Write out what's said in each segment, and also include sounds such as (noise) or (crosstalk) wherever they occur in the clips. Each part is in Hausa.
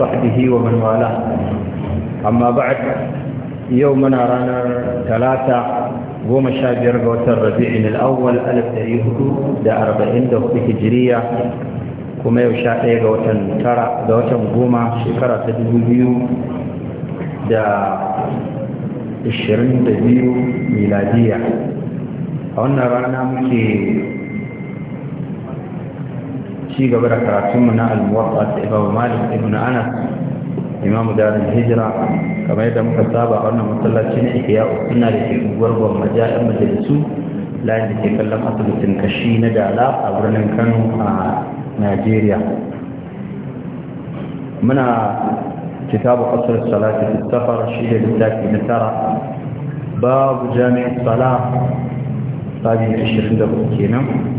وصحبه ومن والاه أما بعد يومنا رانا ثلاثة goma sha biyar ga watan rabi'in al'awwal alif ɗari hudu da arba'in da hudu kuma yau sha ɗaya ga watan tara ga goma shekara ta biyu da da biyu miladiya a wannan rana muke ci gaba da karatunmu na al-muwatta da Imam Malik ibn Anas Imam Darul Hijra kamar yadda muka saba a wannan masallaci na Ihya Sunna da ke unguwar Gwamma Ja'in Majalisu layin da ke kallon asibitin kashi na Dala a birnin Kano a Najeriya muna kitabu asr salati fi safar shi da littafi na tara babu jami'in sala sabi 24 kenan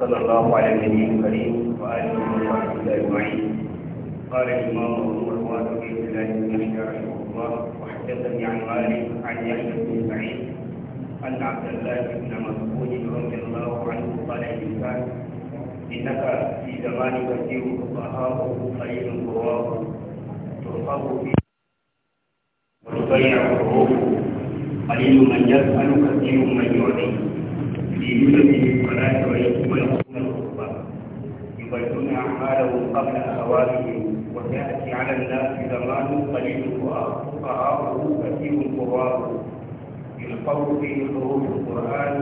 صلى الله على النبي الكريم وآله وصحبه أجمعين قال الإمام أبو الوالد بن الله رحمه الله وحدثني عن مالك عن يحيى بن سعيد أن عبد الله بن مسعود رضي الله عنه قال للإنسان إنك في زمانك كثير فقهاؤه خير قواه ترقب فيه وتطيع حروفه قليل من يسأل كثير من يعطي يؤمنون الصلاة ويقومون الخطبة يبدون أعمالهم قبل أوانهم ويأتي على الناس زمان قليل فقهاؤه كثير قراءه يلقوا فيه حروف القرآن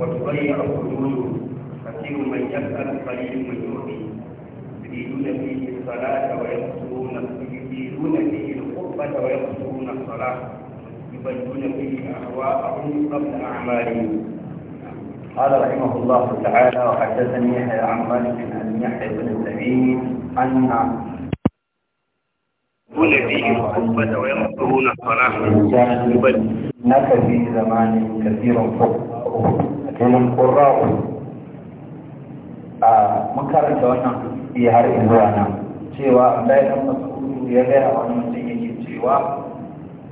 وتضيع حدوده كثير من يسأل قليل من يؤتي يريدون فيه الصلاة ويقصرون يريدون فيه الخطبة ويقصرون الصلاة يبدون فيه أهواءهم قبل أعمالهم قال رحمه الله تعالى وحدثني يحيى عن مالك عن يحيى بن سعيد عن ولديهم قبة ويمكرون الصلاة هناك في زمان كثير لكن القراء مكرر wannan في har zuwa nan cewa Allah ya masu ya gaya wani mutum yake cewa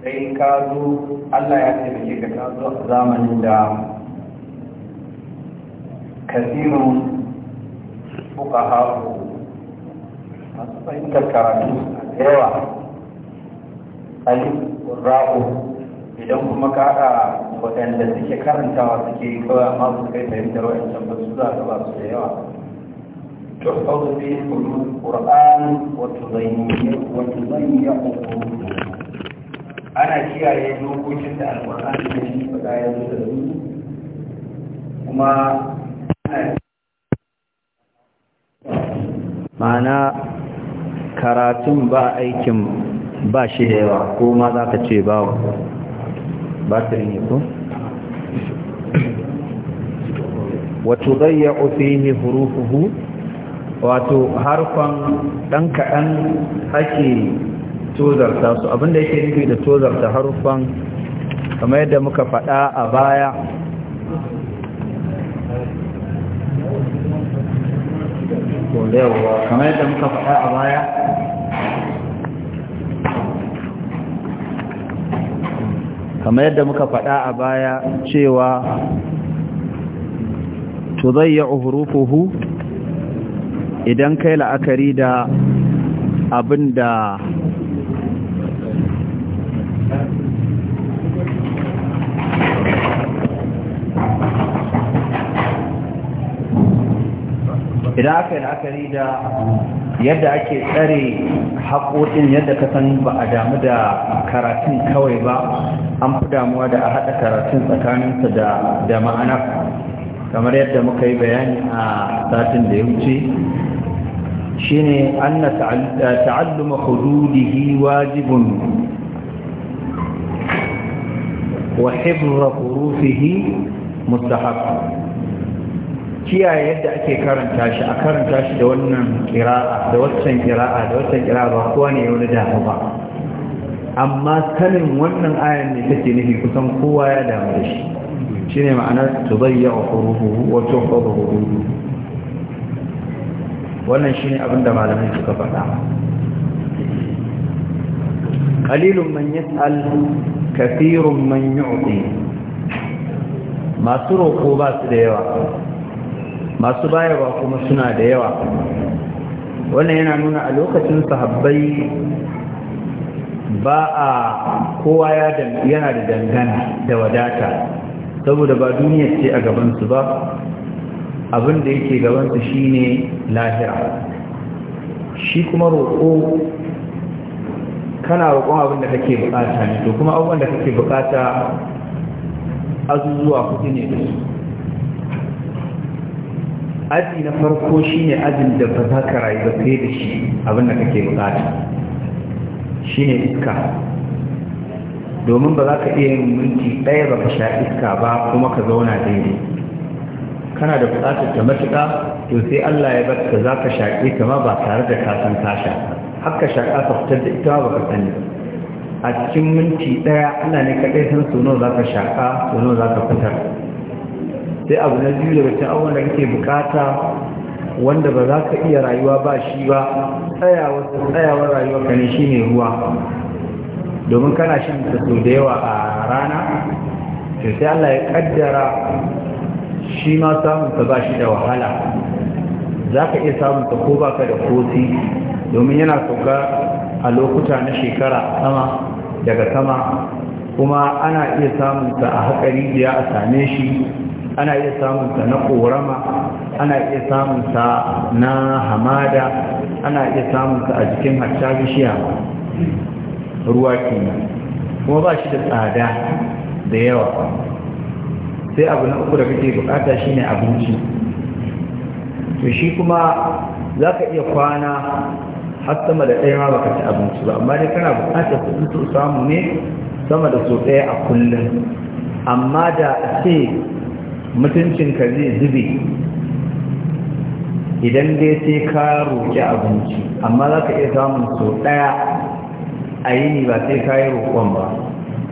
sai ka zo Allah ya taimake ka ka zo zamanin da kasirun fuka haku masu fahimtar karatu da yawa alif ra'u idan kuma ka haɗa waɗanda suke karantawa suke yi kawai amma su kai fahimtar ba su za ka ba su da yawa تحفظ في علوم القرآن وتضيع قلوبهم ana kiyaye dokokin da alƙur'ani da shi faɗa وما ma'ana karatun ba aikin ba shi da yawa ko ma za ka ce ba ba ta ne ko wato zayya ofe ne hurufuhu wato harfan ɗan kaɗan ake tozarta su abinda yake nufi da tozarta harfan kamar yadda muka faɗa a baya yawa kamar yadda muka faɗa a baya kamar yadda muka faɗa a baya cewa uhurufuhu idan kai la'akari da abin da idan aka yi la'akari da yadda ake tsare haƙoƙin yadda ka san ba a damu da karatun kawai ba an fi damuwa da a haɗa karatun tsakaninsa da ma'ana kamar yadda muka yi bayani a satin da ya wuce shine na ta'alluma hududihi wajibun wa hibra hurufihi mustahab kiyaye yadda ake karanta shi a karanta shi da wannan kira'a da waccan kira'a da waccan kira'a ba kowa ne wani damu ba amma sanin wannan ayan ne take nufi kusan kowa ya damu da shi shine ma'anar tubayya wa huruhu wa tuhfadu huruhu wannan shine abin da malamai suka faɗa qalilun man yas'al kathirun man yu'ti masu roƙo ba su da yawa masu bayarwa kuma suna da yawa wannan yana nuna a lokacin sahabbai ba a kowa yana da dangana da wadata saboda ba duniya ce a gabansu ba abin da yake gabansu shine lahira shi kuma roƙo kana roƙon abin da kake bukata ne to kuma abubuwan da kake bukata azuzuwa kuɗi ne da su aji na farko shine ajin da ba za ka rayu ba sai da shi abin da kake bukata ne iska domin ba za ka iya yin minti ɗaya ba ka sha iska ba kuma ka zauna daidai kana da bukatar ta matuƙa to sai Allah ya bar ka za ka shaƙe ta ma ba tare da ka san ka sha ka shaƙa ka fitar da ita ba ka sani a cikin minti ɗaya ana ne kaɗai san sono za ka shaƙa sono za ka fitar sai abu na biyu daga cikin abubuwan da kake bukata wanda ba za ka iya rayuwa ba shi ba tsayawar rayuwa ka ne shine ruwa domin kana shan ta sau da yawa a rana to sai Allah ya kaddara shi ma samun ta ba shi da wahala za ka iya samun ta ko ka da kosi domin yana sauka a lokuta na shekara sama daga sama kuma ana iya samun ta a haƙari da a same shi ana iya samun ta na korama ana iya samun ta na hamada ana iya samun ta a jikin harsha bishiya ruwa kenan kuma ba shi da tsada da yawa sai abu na uku da kake bukata ne abinci to shi kuma za ka iya kwana har sama da ɗaya ma baka ci abinci ba amma dai kana bukatar kuɗi so samu ne sama da so ɗaya a kullum amma da ce Mutuncin ka zai zube idan dai sai ka roƙi abinci amma za ka iya samun sau ɗaya a yini ba sai ka yi roƙon ba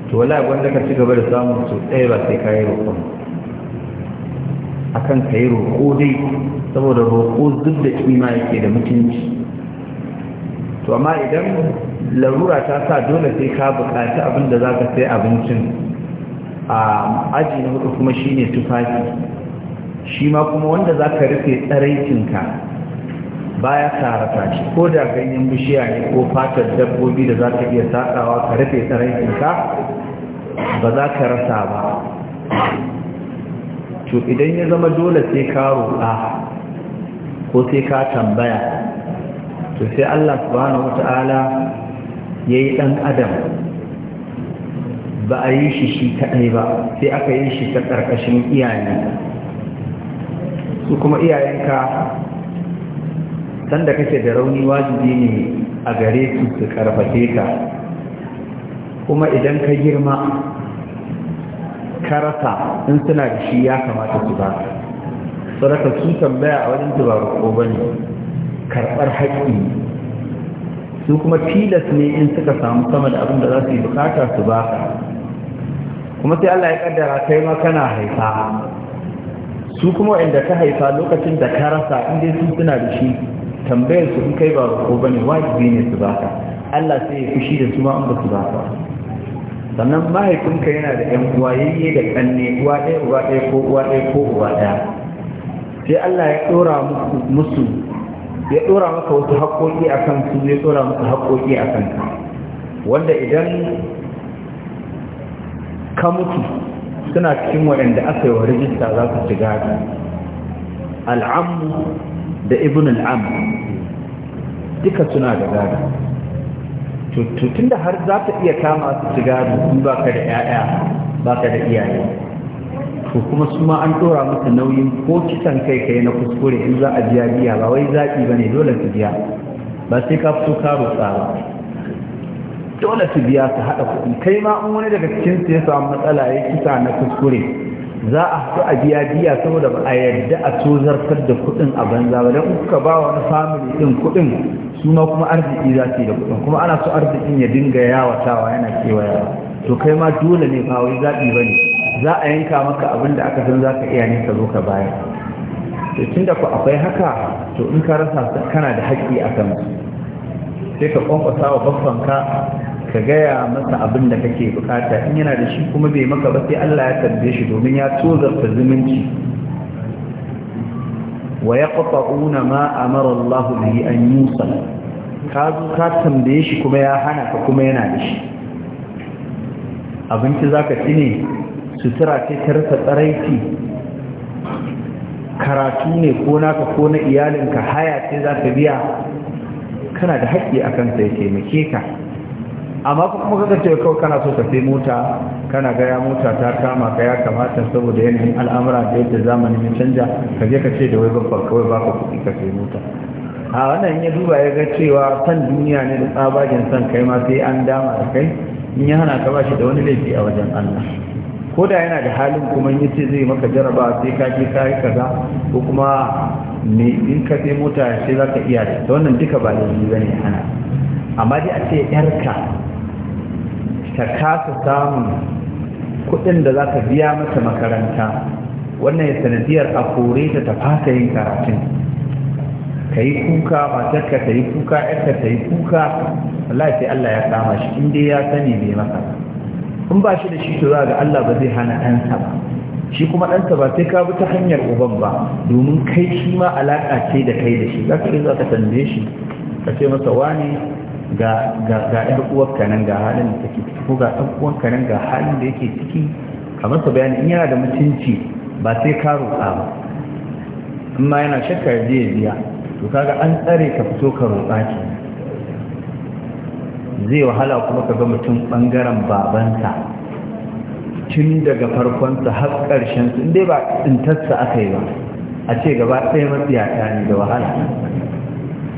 to wala wanda ka ci gaba da samun sau ɗaya ba sai ka yi roƙon kan ka yi roƙo dai saboda roƙo duk da kima yake da mutunci to amma idan larura ta sa dole sai ka buƙaci abin da za ka sai abincin a aji na hudu kuma shi ne tufafi shi ma kuma wanda za ka rufe ba baya tarata shi ko da ganyen bishiya ne ko fatar dabbobi da za ka iya saƙawa ka rufe tsaraicinka ba za ka rasa ba to idan ya zama dole sai ka roƙa ko sai ka tambaya to sai Allah subhanahu wata'ala ya yi ɗan adam ba a yi shi shi kaɗai ba sai aka yi shi ta ƙarƙashin iyayenka su kuma iyayenka sanda kake da rauni wajibi ne a gare su su ƙarfafe ka kuma idan ka girma karasa in suna da shi ya kamata su ba raka su tambaya a wajen tubaru ko ne. karɓar haƙƙi su kuma tilas ne in suka samu sama da abin da za su yi bukata su ba kuma sai Allah ya kaddara kai ma kana haifa su kuma inda ka haifa lokacin da ka rasa inda su suna da shi tambayar su in kai ba ko bane wajibi ne su baka Allah sai ya fushi da su ma an ba su baka sannan mahaifinka yana da yan uwa yayye da kanne uwa ɗaya uwa ɗaya ko uwa ɗaya ko uwa ɗaya sai Allah ya dora musu ya ɗora maka wasu haƙoƙi a kan su ya ɗora musu haƙoƙi a kanka wanda idan ka mutu suna cikin waɗanda aka yi wa rijista za su shiga al'ammu da ibn al'am duka suna da gada. tutun da har za ta iya kama su ci in ba ka da 'ya'ya ba ka da iyaye to kuma su ma an ɗora musu nauyin ko kisan kai kai na kuskure in za a biya biya ba wai zaɓi ba ne dole su biya ba sai ka fito ka rutsa ba dole su biya su haɗa kuɗi kai ma in wani daga cikin su ya samu matsala ya kisa na kuskure za a haɗu a biya biya saboda ba a yadda a zartar da kuɗin a banza ba don kuka ba wani famili ɗin kuɗin su ma kuma arziki za su yi da kuɗin kuma ana so arzikin ya dinga yawatawa yana kewaya to kai ma dole ne ba wai zaɓi ba ne za a yanka maka abin da aka san za ka iya ne ka zo ka baya to tun da ku akwai haka to in ka rasa kana da haƙƙi a kan sai ka kwankwasa wa ka ka gaya masa abin da kake bukata in yana da shi kuma bai maka ba sai Allah ya tambaye shi domin ya tozarta zumunci wa yaqta'una ma amara Allah bihi an yusa ka zo ka tambaye shi kuma ya hana ka kuma yana da shi abinci zaka ci ne sutura ce ta rasa tsaraici karatu ne ko naka ko na iyalinka haya ce za ka biya kana da haƙƙi akan sai taimake ka amma kuma kaga ce kawai kana so ka sai mota kana ga ya mota ta kama ka ya kamata saboda yanayin al'amura da yadda zamani mai canja ka je ka ce da wai babban kawai baka kuɗi ka sai mota a wannan ya duba ya ga cewa san duniya ne da tsabagen san kai ma sai an dama da kai in ya hana ka ba shi da wani laifi a wajen Allah ko da yana da halin kuma in ce zai maka jaraba sai ka je ka yi kaza ko kuma me in ka sai mota sai zaka iya da wannan duka ba zai bane hana amma dai a ce yarka ta kasa samun kuɗin da za ta biya mata makaranta wannan ya sanadiyar a kore ta ta fasa yin karatun ka yi kuka matarka ta yi kuka yarka ta yi kuka wallahi sai Allah ya kama shi in dai ya sani mai maka in ba shi da shi to za ga Allah ba zai hana ɗansa ba shi kuma ɗansa ba sai ka bi ta hanyar uban ba domin kai shi ma alaƙa ce da kai da shi za ka iya za ka tambaye shi ka ce masa wani ga ga yar uwarka ga halin da take ciki ko ga ɗan nan ga halin da yake ciki Kamar masa bayani in yana da mutunci ba sai ka roƙa ba amma yana shakkar jiya ya biya to kaga an tsare ka fito ka roƙa ki zai wahala kuma ka ga mutum bangaren babanta tun daga farkonsa har karshen su inda ba tsintarsa aka yi ba a ce gaba ɗaya matsiyata ne da wahala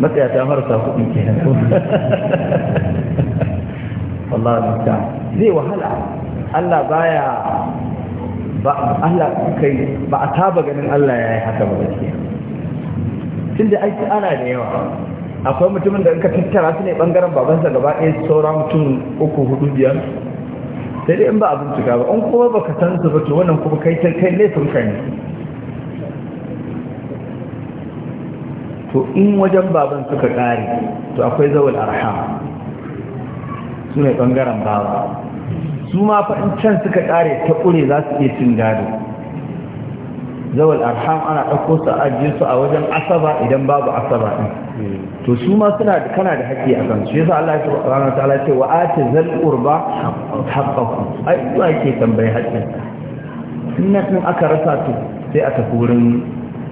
matsaya ta marasa kuɗi ke nan wallahi ta zai wahala Allah baya ba Allah kai ba a taba ganin Allah ya yi haka ba gaskiya tun da aiki ana da yawa akwai mutumin da in ka tattara su ne bangaren babansa gaba ɗaya saura mutum uku hudu biyar sai dai in ba a bincika ba in kuma baka san su ba to wannan kuma kai kai laifin kai ne to in wajen baban suka kare to akwai zawal arham su ne bangaren baba su ma fa in can suka kare ta kure za su iya cin gado zawal arham ana ɗauko su a su a wajen asaba idan babu asaba ɗin to su ma suna da kana da haƙƙi a kan su yasa Allah ya ce wa ta'ala ce wa ati zal qurba haqqahu ai su ake tambaye haƙƙin in nan aka rasa to sai a tafi wurin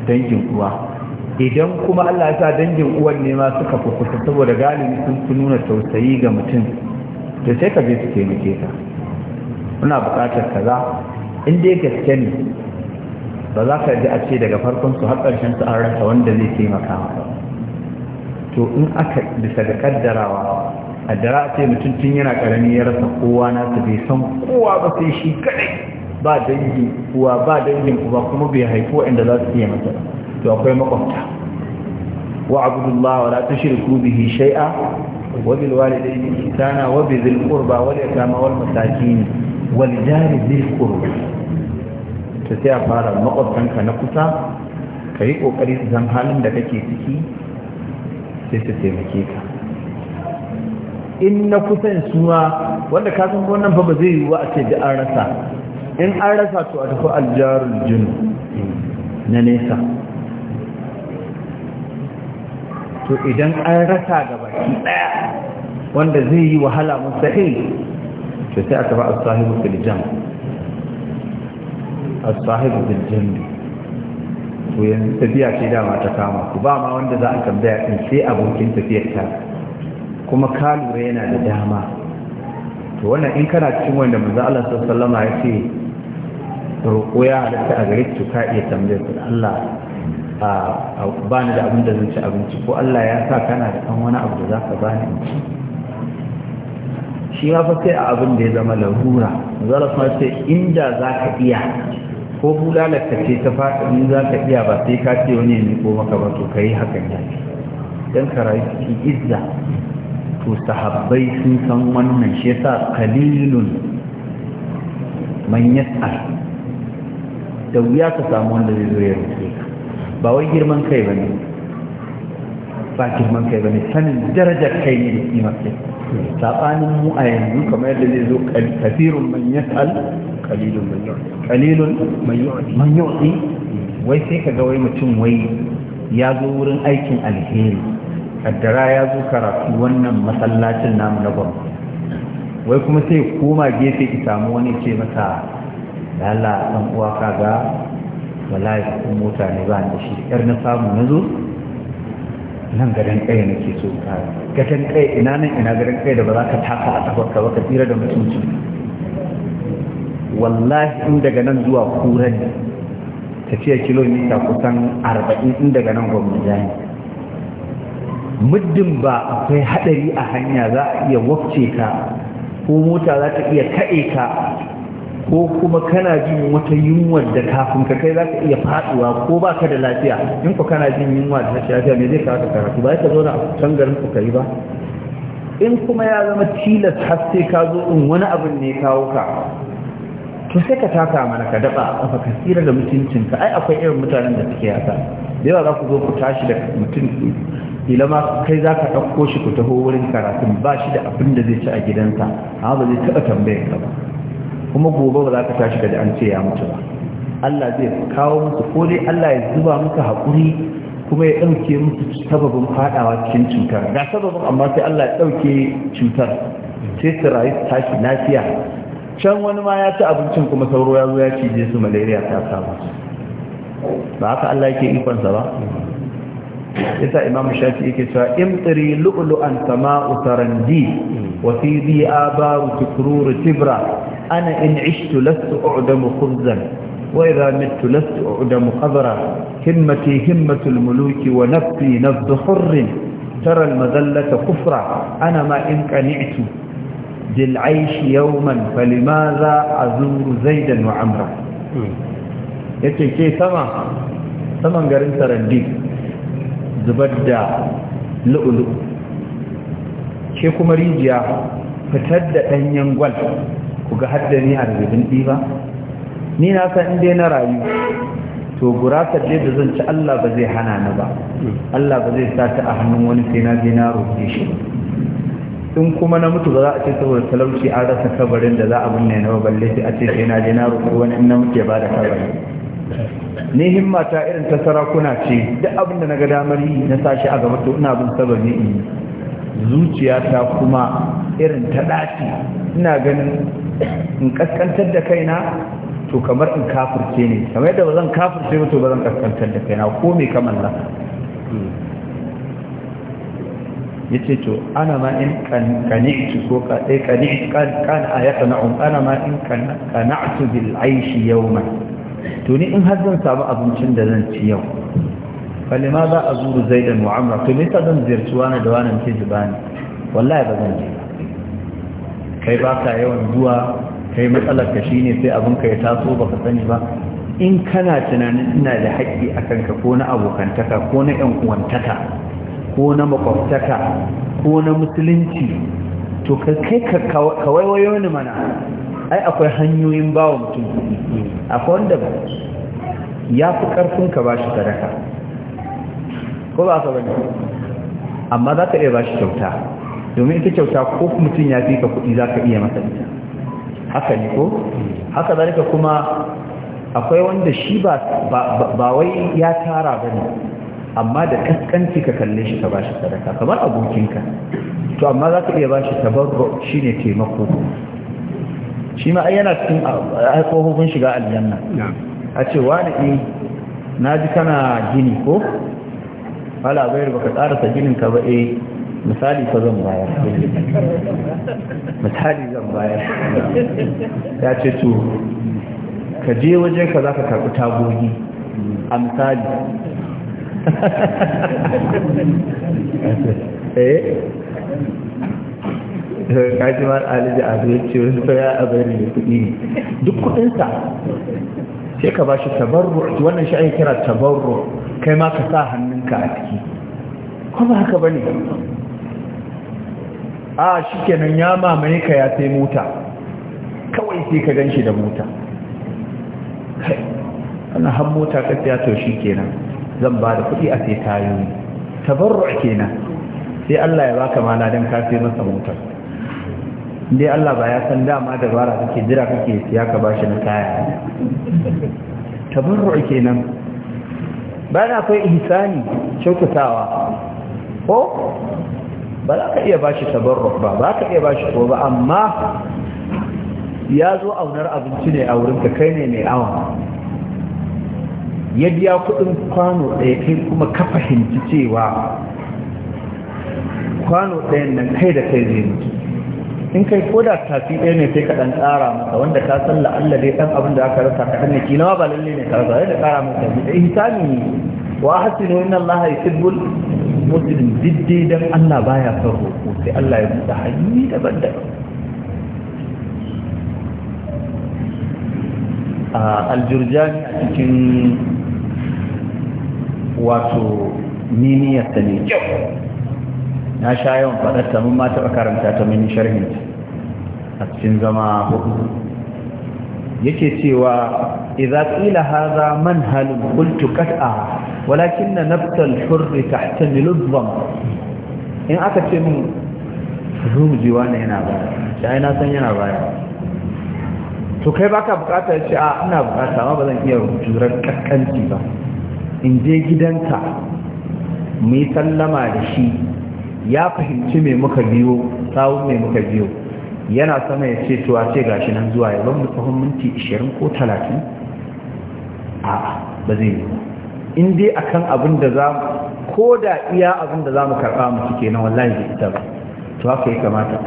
dangin uwa idan kuma Allah ya sa dangin uwan ne ma suka fukuta saboda galibi sun fi nuna tausayi ga mutum to sai ka je su taimake ka muna buƙatar kaza in dai gaske ne ba za ka ji a ce daga farkon su har ƙarshen su an rasa wanda zai taimaka maka to in aka bisa ga kaddarawa a dara ce mutum tun yana ƙarami ya rasa kowa na su bai san kowa ba sai shi kaɗai ba dangin uwa ba dangin uba kuma bai haifu waɗanda za su iya masa to akwai makwabta wa abdullah wa la tushriku bihi shay'a wa bil walidayni ihsana wa bi dhil qurba wal yatama wal masakin wal jari dhil qurba to sai a fara makwabtanka na kusa ka yi kokari su san halin da kake ciki sai su taimake ka in na kusan suna wanda ka san wannan fa ba zai yiwu a ce da an rasa in an rasa to a tafi aljarul jun na nesa to idan an rasa ga baki daya wanda zai yi wahala mustahil to sai aka ba as-sahibu fil jam as-sahibu fil jam to yanzu tafiya ce dama ta kama ku ba ma wanda za a tambaya in sai abokin tafiyar ta kuma ka lura yana da dama to wannan in kana cikin wanda manzo Allah sallallahu alaihi ya ce roƙo ya halatta a gare ka iya tambayar Allah ba ni da abin da zai ci abinci ko Allah ya sa kana da kan wani abu da zaka ka bani in ci shi ya fa sai a abin da ya zama larura zara kuma sai inda za ka iya ko bulalarka ce ta fata in za ka iya ba sai ka ce wani ne ko maka ba to ka yi hakan ya ce don ka cikin izza to sahabbai sun san wannan shi yasa kalilun man yas'al da wuya ka samu wanda zai zo ya rubuta ba wai girman kai ba ne ba girman kai ba ne sanin darajar kai ne da kimar kai saɓanin mu a yanzu kamar yadda zai zo kafirun man al, kalilun kalilun man wai sai ka ga wai mutum wai ya zo wurin aikin alheri kaddara ya zo karatu wannan masallacin namu na gwamnati wai kuma sai koma gefe ki samu wani ce masa lalla dan uwa kaga wallahi kun mota ne ba da shi yar na samu na zo nan garin kai ke so ka gatan kai ina nan ina garin kai da ba za ka taka a kafarka ba ka tsira da mutunci wallahi in daga nan zuwa kuran tafiya kilomita kusan arba'in in daga nan gwamnati ne muddin ba akwai hadari a hanya za a iya wafce ka ko mota za ta iya kaɗe ka ko kuma kana jin wata yunwa da kafin ka kai za ka iya faduwa ko ba ka da lafiya in ku kana jin yunwa da rashin lafiya me zai kawo ka karatu ba ka zauna a can garin ku kai ba in kuma ya zama tilas har sai ka zo in wani abin ne kawo ka to sai ka taka mana ka daba kafa ka tsira da ka ai akwai irin mutanen da suke yasa da yawa za ku zo ku tashi da mutum Ila ma kai za ka ɗauko shi ku taho wurin karatun ba shi da abin da zai ci a gidansa amma ba zai taɓa tambayar ka ba kuma gobe ba za ka tashi da an ce ya mutu ba Allah zai kawo musu ko dai Allah ya zuba muka hakuri kuma ya ɗauke musu sababin faɗawa cikin cutar ga sababin amma sai Allah ya ɗauke cutar sai su rayu tashi lafiya can wani ma ya ci abincin kuma sauro ya zo ya cije su malaria ta samu ba haka Allah yake ikonsa ba yasa imam shafi yake cewa imtiri lu'lu'an sama'u tarandi wa fi bi'a baru tukruru tibra أنا إن عشت لست أعدم خبزا وإذا مت لست أعدم خبرا همتي همة الملوك ونفسي نفذ حر ترى المذلة كفرا أنا ما إن قنعت بالعيش يوما فلماذا أزور زيدا وعمرا يتي كي سما سما قرن تردي زبدا لؤلؤ ke kuma rijiya fitar da ɗanyen gwal ku ga haddani harbibin ɗiba ni na san inda na rayu to gurasar da zan ci Allah ba zai hana ni ba Allah ba zai sa ta a hannun wani sai na je na roƙe shi in kuma na mutu ba za a ce saboda talauci an rasa kabarin da za a binne na balle sai a ce sai na je na roƙi wani in na muke ba da kabarin ni himma ta irin ta sarakuna ce duk abin da na ga damar yi na sashi a gaba to ina bin sababi in zuciyata kuma irin ta ɗaci ina ganin in kaskantar da kaina to kamar in kafirce ne kamar yadda ba zan kafirce ba to ba zan kaskantar da kaina ko me kamar Ya yace to ana ma in qani'tu ko ka dai eh, qani'tu kan kan un ana ma in qana'tu bil aishi yawman to ni in har zan samu abincin da zan ci yau zan ziyarci أزور da وعمرة تمتدن زرتوانا wallahi ba zan ji ba kai ba ka yawan zuwa kai matsalar ka shi ne sai abin ka ya taso ba ka sani ba in kana tunanin ina da haƙƙi a kanka ko na abokantaka ko na ƴan'uwantaka uwantaka ko na makwabtaka ko na musulunci to ka kai ka waiwayo ni mana ai akwai hanyoyin ba wa mutum kuɗi akwai wanda ya fi ƙarfin ka ba shi sadaka ko ba ka bane amma za ka iya ba shi kyauta domin ita kyauta ko mutum ya fi ka kuɗi za ka iya masa ita haka ne ko haka ka kuma akwai wanda shi ba wai ya tara ba ne amma da kaskanci ka kalle shi ka ba shi sadaka kamar abokinka to amma za ka iya ba shi tabarro shi ne taimako shi ma ai yana cikin tsohon shiga aljanna a ce wa eh, na ji kana gini ko wala bayar baka tsarasa ginin ka ba eh misali fa zan bayar misali zan bayar ya ce to ka je wajen ka za ka karɓi tagogi a misali eh? kaji ma aliji a zai ce wani tsaya a bayar da kuɗi ne duk kuɗinsa sai ka ba shi tabarro wannan shi ake kira tabarro kai ma ka sa hannunka a ciki kuma haka ba ne a shi kenan ya mamaye ka ya sai mota kawai sai ka gan da mota ana han mota ka siya to shi kenan zan ba da kuɗi a sai tayoyi tabarru kenan sai Allah ya baka mana don ka sai masa motar dai Allah ba ya san dama da bara kake jira kake siya ka bashi na kaya tabarru kenan na akwai ihsani kyautatawa ko ba za ka iya ba shi tabarruk ba ba ka iya ba shi ba amma ya zo aunar abinci ne a wurin ka kai ne mai awa. ya biya kudin kwano ɗaya kai kuma ka fahimci cewa kwano ɗayan nan kai da kai zai mutu in kai ko da tafi ɗaya ne sai ka ɗan ƙara masa wanda ka san la'alla dai ɗan abin da aka rasa ka ɗan nawa ba lalle ne ka rasa da ƙara masa ne ihsani ne wa hasinu inna allaha yusibbul muslim diddai don Allah baya son roƙo sai Allah ya buɗe hanyoyi daban-daban a aljurjani a cikin wato niniyarsa ne kyau na sha yawan faɗarta mun ma taɓa karanta ta mun sharhin a cikin zama hudu yake cewa إذا قيل هذا منهل قلت قطعا ولكن نبت الحر تحتمل الضم إن أتت من روم جوان هنا بايا شعينا سنينا بايا to kai baka bukata ce a ina bukata amma ba zan iya jurar kankanci ba in je gidan mu muyi sallama da shi ya fahimci me muka biyo yana sama ya ce to a ce gashi nan zuwa ya ban mu fahimci minti 20 ko 30 a'a ba zai yi in dai akan abin da za ko da iya abin da za mu karɓa mu cike na wallahi da ita ba to haka ya kamata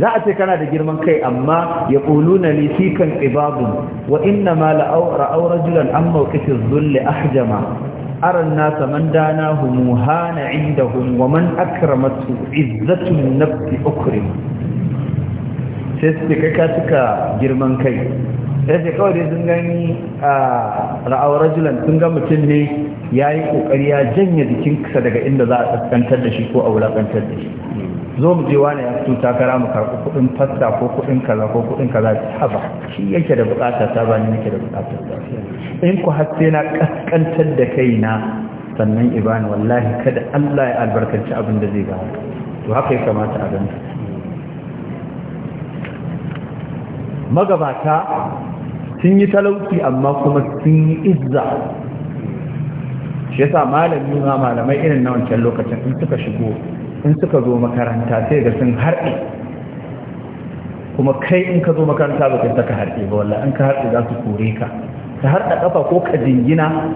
za a ce kana da girman kai amma ya ƙuluna li sikan ibabun wa inna ma la'au rajulan an mawqifiz zulli ahjama أرى الناس من داناه مهان عندهم ومن أكرمته عزة النفس أكرم sai su kai ka girman kai sai ce kawai dai sun gani a ra'awar sun ga mutum ne ya yi kokari ya janye jikin jikinsa daga inda za a tsakantar da shi ko a wulakantar da shi zo mu je wani ya fito takara mu karɓi kuɗin fasta ko kuɗin kaza ko kuɗin kaza haba shi yake da bukata ta ba ni nake da bukata ta in ku har na kaskantar da kai na sannan ibani wallahi kada Allah ya albarkaci abin da zai ba to haka ya kamata a ganta magabata sun yi talauci amma kuma sun yi izza shi yasa malami ma malamai irin na wancan lokacin in suka shigo in suka zo makaranta sai ga sun harɗe kuma kai in ka zo makaranta ba kai saka harɗe ba wallah in ka harɗe za su kore ka ka harɗa ƙafa ko ka jingina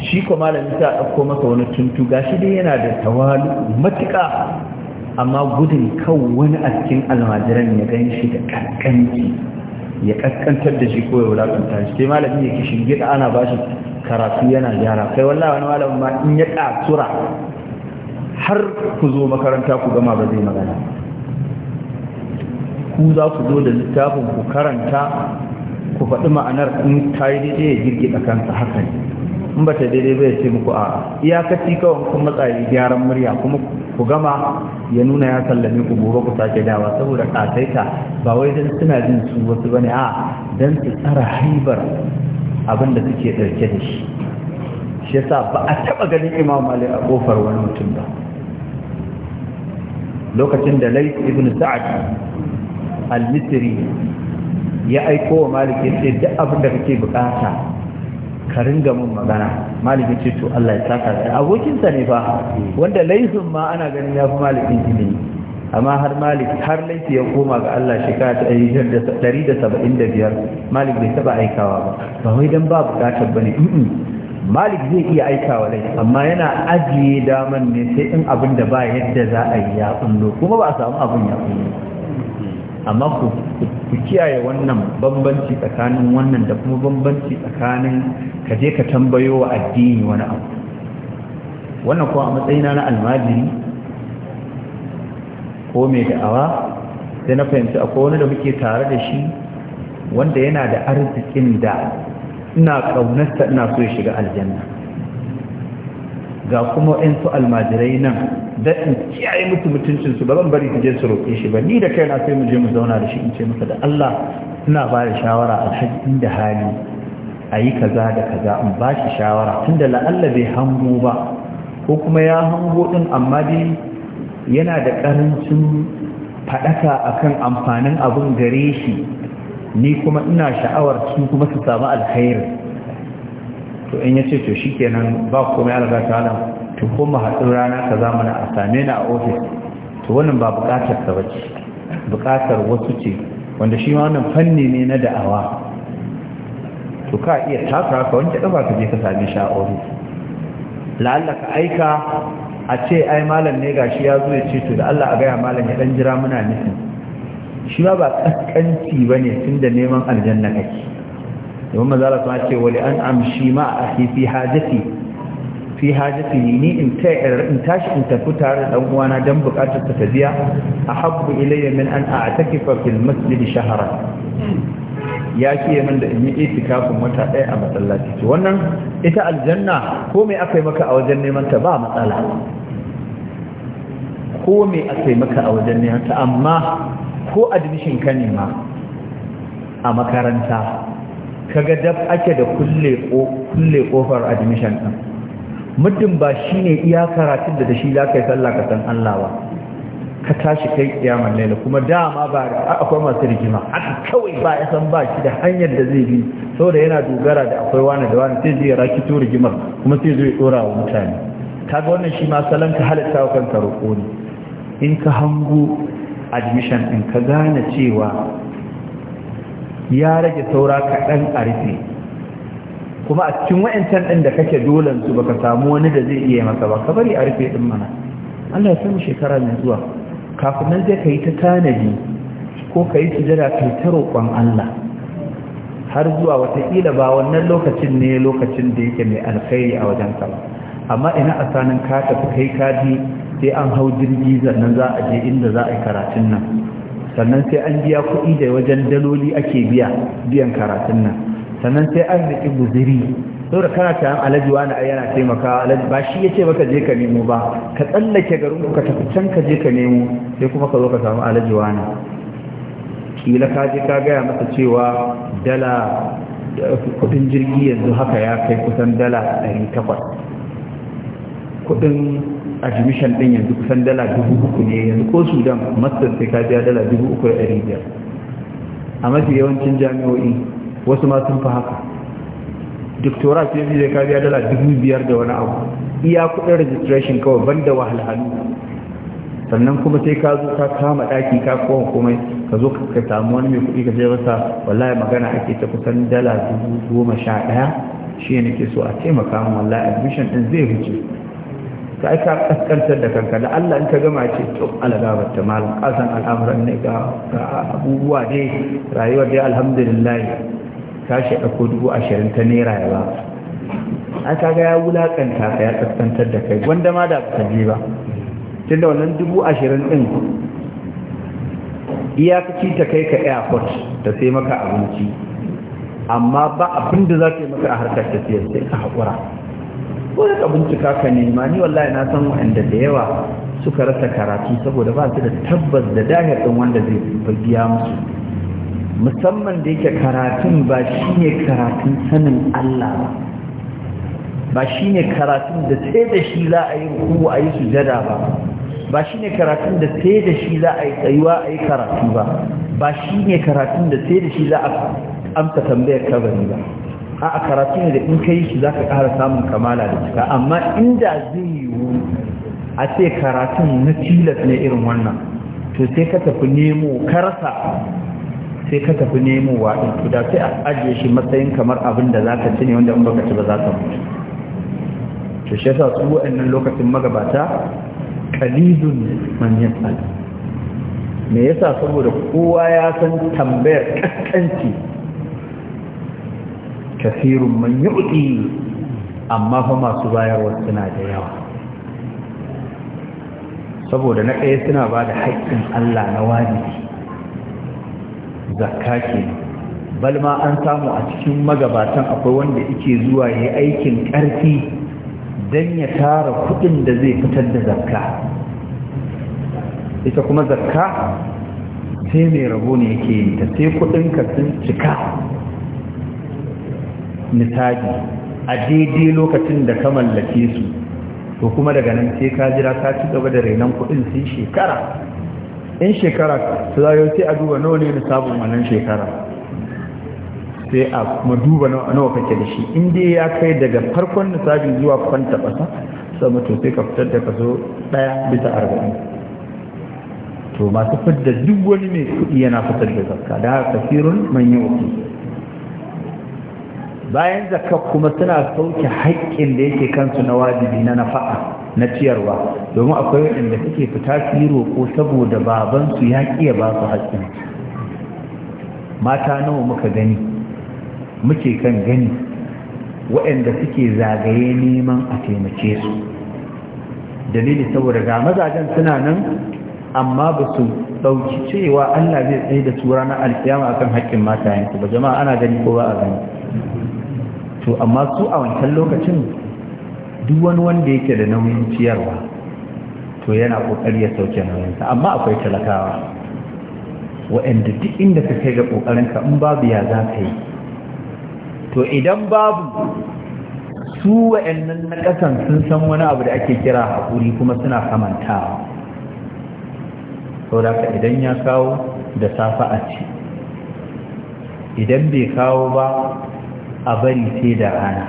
shi ko malami ta ɗauko masa wani tuntu gashi dai yana da tawalu matuƙa amma gudun kawo wani a cikin almajiran ya gan shi da kankanci ya kankantar da shi ko ya wulakanta shi sai malami ya kishin gida ana ba shi karatu yana gyara kai wallahi wani malamin ma in ya katsura har ku zo makaranta ku gama ba zai magana ku za ku zo da littafin ku karanta ku faɗi ma'anar in ta yi daidai ya girgida kansa haka ne in ba ta daidai ba ya ce muku a iyakaci kawai kuma matsayi gyaran murya kuma ku gama ya nuna ya sallame ku gobe ku sake dawa saboda kataita ba wai dan suna jin su wasu bane a dan su tsara haibar abin da suke dauke da shi shi yasa ba a taɓa ganin imam Ali a kofar wani mutum ba lokacin da lais ibn sa'ad al-misri ya aiko wa malik ya ce duk abin da kake bukata ka ringa magana malikin ce to Allah ya saka da abokinsa ne fa wanda laifin ma ana ganin ya fi malikin ne amma har malik har laifi ya koma ga Allah shekara ta 175 malik bai taba aikawa ba ba wai dan ba bukatar bane malik zai iya aikawa dai amma yana ajiye daman ne sai in abin da ba yadda za a yi ya kullo kuma ba a samu abin ya kullo amma ku kiyaye wannan bambanci tsakanin wannan da kuma bambanci tsakanin ka je ka tambayo wa addini wani abu wannan kuwa a matsayina na almajiri ko mai da'awa sai na fahimci akwai wani da muke tare da shi wanda yana da arzikin da ina ƙaunasta ina so shiga aljanna ga kuma su almajirai nan da in kiyaye mutu-mutuncin su ba zan bari su je su roƙe shi ba ni da kai na sai mu je mu zauna da shi in ce masa da Allah ina ba da shawara alhaji da hali a yi kaza da kaza in ba shi shawara tunda la'alla bai hango ba ko kuma ya hango ɗin amma dai yana da ƙarancin faɗaka akan amfanin abin gare shi ni kuma ina sha'awar su kuma su samu alkhairi to in ya ce to shi kenan ba komai alga ta nan to kuma haɗin rana ka zamana a same ni a ofis to wannan ba buƙatar ka bace buƙatar wasu ce wanda shi ma wannan fanni ne na da'awa to ka iya taka ka wanke kafa ka je ka sami shi a la'alla ka aika a ce ai malam ne gashi ya zo ya ce to da Allah a gaya malam ya dan jira muna nufin shi ba ba ne tun tunda neman aljanna kake domin mazala ta ce wani an amshi ma a ake fi hajjati fi hajjati ni in tashi in tafi tare da uwana don bukatar ta tafiya a habbu ilayya min an a takifa fil masjid shahara ya kiyaye min da in yi itikafin wata ɗaya a matsalaci ce wannan ita aljanna ko me aka yi maka a wajen neman ta ba matsala ko me aka yi maka a wajen neman ta amma ko admission ka nema a makaranta kaga dab ake da kulle kofar admission ɗin muddin ba shine iya karatun da da shi za ka yi sallah ka san Allah ba ka tashi kai kiyamar laila kuma dama ba akwai masu rigima haka kawai ba ya san ba shi da hanyar da zai bi da yana dogara da akwai wani da wani sai zai raki to rigimar kuma sai zai dora wa mutane kaga wannan shi ma salon ka halatta wa kanka roƙo ne in ka hango admission in ka gane cewa ya rage saura kaɗan a rufe kuma a cikin wa'ancan ɗin da kake dolan su baka samu wani da zai iya maka ba ka bari a rufe ɗin mana Allah ya sami shekara mai zuwa kafin nan sai ka yi ta tanadi ko ka yi sujada kai ta roƙon Allah har zuwa watakila ba wannan lokacin ne lokacin da yake mai alkhairi a wajen ka amma ina a sanin ka tafi kai kaji sai an hau jirgi sannan za a je inda za a yi karatun nan sannan sai an biya kuɗi da wajen daloli ake biya biyan karatun nan sannan sai an riƙi guziri saboda kana ta alaji wani ai yana taimaka alaji ba shi yace baka je ka nemo ba ka tsallake garin ka tafi can ka je ka nemo sai kuma ka zo ka samu alaji wani kila ka je ka gaya masa cewa dala kudin jirgi yanzu haka ya kai kusan dala 800 kudin admission din yanzu kusan dala 3000 ne yanzu ko sudan master sai ka biya dala 3500 a mafi yawancin jami'o'i wasu ma sun fi haka doctora sai zai ka biya dala dubu biyar da wani abu iya kudin registration kawai banda wahalhalu sannan kuma sai ka zo ka kama daki ka kowa komai ka zo ka samu wani mai kuɗi ka je masa wallahi magana ake ta kusan dala dubu goma sha ɗaya shi ne ke so a taimaka min wallahi admission din zai wuce ka ai ka kaskantar da kanka da Allah in ka gama ce to alagabar ta malam kasan al'amuran ne ga abubuwa dai rayuwar dai alhamdulillah tashi ko dubu ashirin ta naira ya ba an kaga ya wulakanta ya kaskantar da kai wanda ma da ka je ba tunda wannan dubu ashirin ɗin iyakaci ta kai ka airport ta sai maka abinci amma ba abin da za ta yi maka a harkar tafiyar sai ka haƙura ko da ka ka nema ni wallahi na san wa'anda da yawa suka rasa karatu saboda ba su da tabbas da dahir ɗin wanda zai biya musu musamman da yake karatun ba shi ne karatun sanin Allah ba ba shi ne karatun da sai da shi za a yi ruku a yi sujada ba ba shi ne karatun da sai da shi za a yi tsayuwa a yi karatu ba ba shi ne karatun da sai da shi za a amsa tambayar kabari ba a karatu ne da in ka yi shi za ka ƙara samun kamala da cika amma inda zai yiwu a ce karatun na tilas ne irin wannan to sai ka tafi nemo karasa sai ka tafi wa ɗin tuda sai a ajiye shi matsayin kamar abin da za ka ci ne wanda in baka ci ba za ka mutu to shi yasa su wa'annan lokacin magabata kalilun man al me yasa saboda kowa ya san tambayar kaskanci kasirun man yu'ti amma fa masu bayarwa suna da yawa saboda na ɗaya suna ba da haƙƙin Allah na wajibi zakka ke bal ma an samu a cikin magabatan akwai wanda yake zuwa ya aikin ƙarfi don ya tara kuɗin da zai fitar da zakka ita kuma zakka sai mai rabo ne yake yi ta sai kuɗinka sun cika misali a daidai lokacin da ka mallake su to kuma daga nan sai ka jira ka ci gaba da rainon kuɗin sun shekara in shekara su zayo sai a duba nawa ne na sabon wannan shekara sai a duba nawa kake da shi inda ya kai daga farkon nisabi zuwa kwanta ƙasa sai to sai ka fitar da kaso ɗaya bisa arba'in to masu fadda duk wani mai kuɗi yana fitar da zakka da haka kasirun manyan uku bayan zakka kuma suna sauke haƙƙin da yake kansu na wajibi na nafa'a na ciyarwa domin akwai waɗanda suke fita su yi roƙo saboda babansu ya ƙiya ba su haƙƙin mata nawa muka gani muke kan gani waɗanda suke zagaye neman a taimake su dalili saboda ga mazajen suna nan amma ba su ɗauki cewa allah zai tsaye da su ranar alkiyama akan haƙƙin mata yanku ba jama'a ana gani ko ba a gani to amma su a wancan lokacin duk wani wanda yake da nauyin ciyarwa to yana kokari ya sauke nauyinsa amma akwai talakawa wa'anda duk inda ka kai ga ƙoƙarinka in babu ya za ka yi to idan babu su wa'annan na ƙasan sun san wani abu da ake kira hakuri kuma suna kamantawa ka idan ya kawo da safa a ce. idan bai kawo ba a bari sai da rana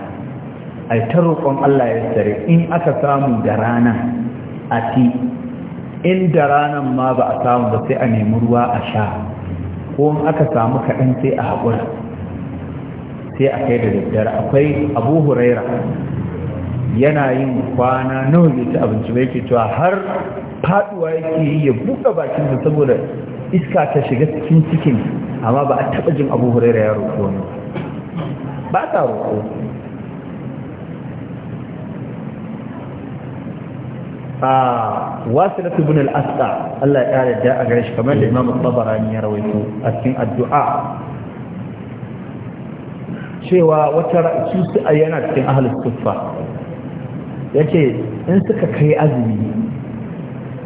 a ta roƙon Allah ya tsare in aka samu da rana a ti in da ranan ma ba a samu ba sai a nemi ruwa a sha ko in aka samu kaɗan sai a haƙura sai a kai da daddare akwai abu huraira yana yin kwana nawa ya ci abinci bai ke cewa har faduwa yake yi ya buɗe bakinsa saboda iska ta shiga cikin cikin amma ba a taɓa jin abu huraira ya roƙo ne ba ta roƙo a wasu rafi bin al'asta Allah ya ƙara da a gare shi kamar da imamu ne ya rawaito a cikin addu'a cewa wata su a yana cikin ahalus tuffa ya ce in suka kai azumi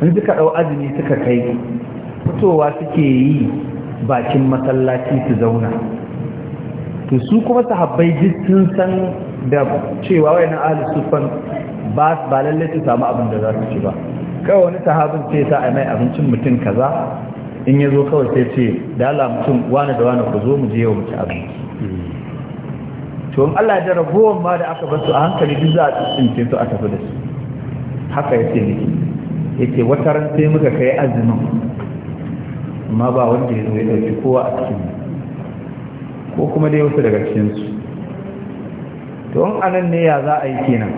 in suka ɗau azumi suka kai fitowa suke yi bakin masallaci su zauna to su kuma sahabbai duk sun san da cewa wayannan Ali sufan ba ba lalle su samu abin da za su ci ba kawai wani sahabin sai sa a mai abincin mutum kaza in ya kawai sai ce da Allah mutum wani da wani ku zo mu je yau mu ci abinci to in Allah da wa ma da aka basu a hankali duk za a tsince su a tafi da su haka yace niki yace wata ran sai muka kai azumin amma ba wanda ya zo ya dauki kowa a cikin ko kuma dai wasu daga cikinsu an anan ne ya za a yi kenan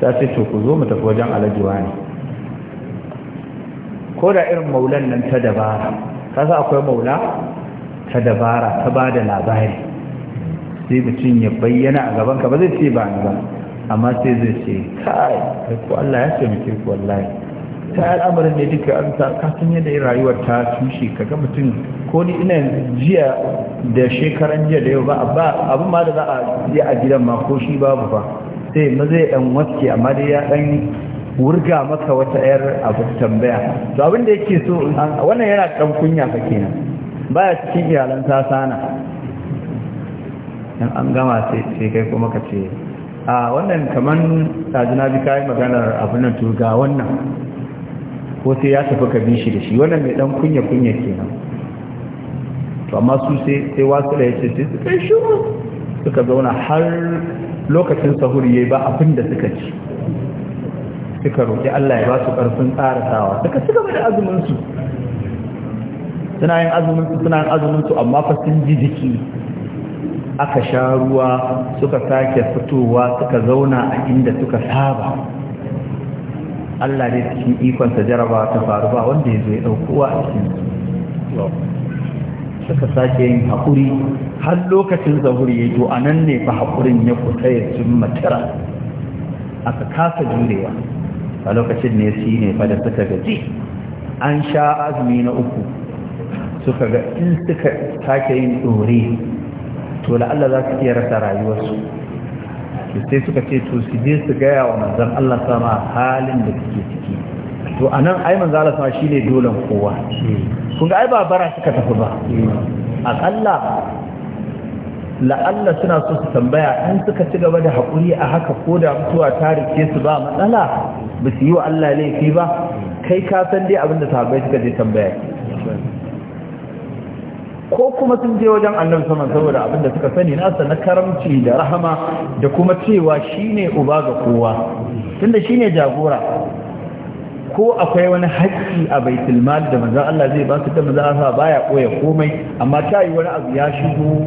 ta ce to ku zo mu tafi wajen alajuwa ne ko da irin maulan nan ta dabara Ka sa akwai maula ta dabara ta ba da labari sai mutum ya bayyana a gaban ka ba zai ce ba ni ba amma sai zai ce kai kai ko Allah ya ce muke ku wallahi ta al'amarin ne duka an ta ka san yadda rayuwar ta tushe kaga mutum ko ni ina jiya da shekaran jiya da yau ba abin ma da za a je a gidan ma ko shi babu ba sai maza ya dan waske amma dai ya dan wurga maka wata yar abu tambaya to abin da yake so wannan yana ɗan kunya fa kenan baya cikin iyalan sasana dan an gama sai sai kai kuma ka ce a wannan kaman tajina bi kai maganar abin nan to ga wannan ko sai ya tafi ka bi shi da shi wannan mai dan kunya kunya kenan to amma su sai sai wasu da ce sai suka shiru suka zauna har lokacin sahuri yayi ba abin da suka ci suka roki Allah ya ba su karfin tsaratawa suka ci gaba da azumin su suna yin azumin su suna yin azumin su amma fa sun ji jiki aka sha ruwa suka sake fitowa suka zauna a inda suka saba Allah ne cikin ikonsa jaraba ta faru ba wanda ya zo ya ɗaukowa a cikin su suka sake yin haƙuri har lokacin zahuri ya to a nan ne fa haƙurin ya kuta ya cin A aka kasa jurewa a lokacin ne su ne fa da suka gaji an sha azumi na uku suka ga in suka sake yin ɗore to la'alla za su iya rasa rayuwarsu sai suka ce to su je su gaya wa manzan Allah sama halin da suke ciki to a nan ai manzan Allah sama shi ne dolen kowa kun ga ai ba bara suka tafi ba aƙalla la'alla suna so su tambaya in suka ci gaba da hakuri a haka ko da mutuwa ta rike su ba matsala ba su yi wa Allah laifi ba kai ka san dai abin da sahabbai suka je tambaya ko kuma sun je wajen annabi sama saboda abin da suka sani nasa na karamci da rahama da kuma cewa shine uba ga kowa tunda shine jagora ko akwai wani haƙƙi a bai mal da manzo Allah zai ba su da manzo Allah baya koya komai amma ta yi wani abu ya shigo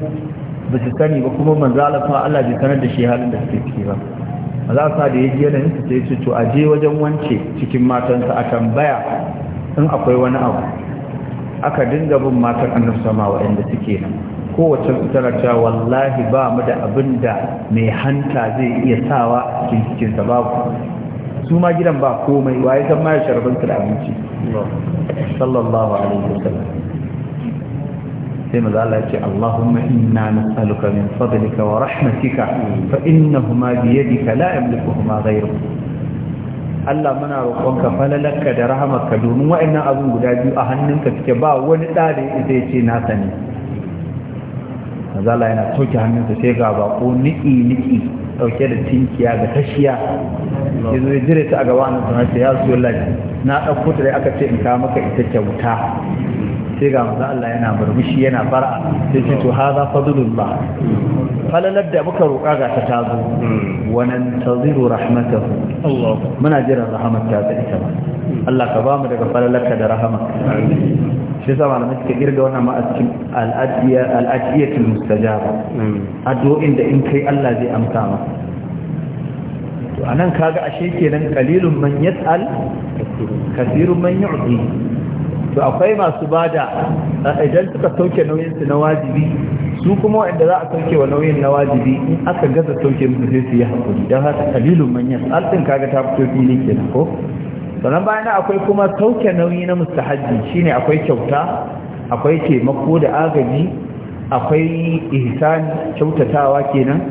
ba su sani ba kuma manzo Allah fa Allah bai sanar da shi halin da suke ciki ba manzo Allah da yaji yin su sai su to a je wajen wance cikin matansa a tambaya in akwai wani abu aka dinga bin matan annabi sama waɗanda suke nan kowace ta wallahi ba mu da abin da mai hanta zai iya sawa cikin cikinsa babu su ma gidan ba komai waye san ma ya sharban su da abinci sallallahu alaihi wasallam sai maza Allah ya ce Allahumma inna nas'aluka min fadlika wa rahmatika fa innahuma bi yadika la yamlikuhuma ghayruk Allah muna roƙonka falalarka da rahamarka domin wa'annan abun guda biyu a hannunka suke ba wani da da ya ce na sani mazala yana soke hannunsa sai ga bako niki niki dauke da tinkiya ga tashiya ya zo ya ta a gaba na sanar ya zo lafi na ɗauko ta dai aka ce in kawo maka ita kyauta sai ga manzo Allah yana murmushi yana fara sai ce to haza fadlullah falalar da muka roƙa ga ta tazo wa nantaziru rahmatahu Allah muna jira rahmat ta ta ita ba Allah ka ba mu daga falalarka da rahama shi sa malamai suke kirga wannan ma a cikin al'adiyya al'adiyyatul mustajaba addu'o'in da in kai Allah zai amsa ma to anan kaga ashe kenan qalilun man yas'al kathirun man yu'ti to akwai masu bada idan suka sauke nauyinsu na wajibi su kuma wanda za a sauke wa nauyin na wajibi in aka gaza sauke musu sai su yi hakuri don haka kalilun manyan altin kaga ta fito fili kenan ko sannan bayan akwai kuma sauke nauyi na mustahaji shine akwai kyauta akwai taimako da agaji akwai ihsan kyautatawa kenan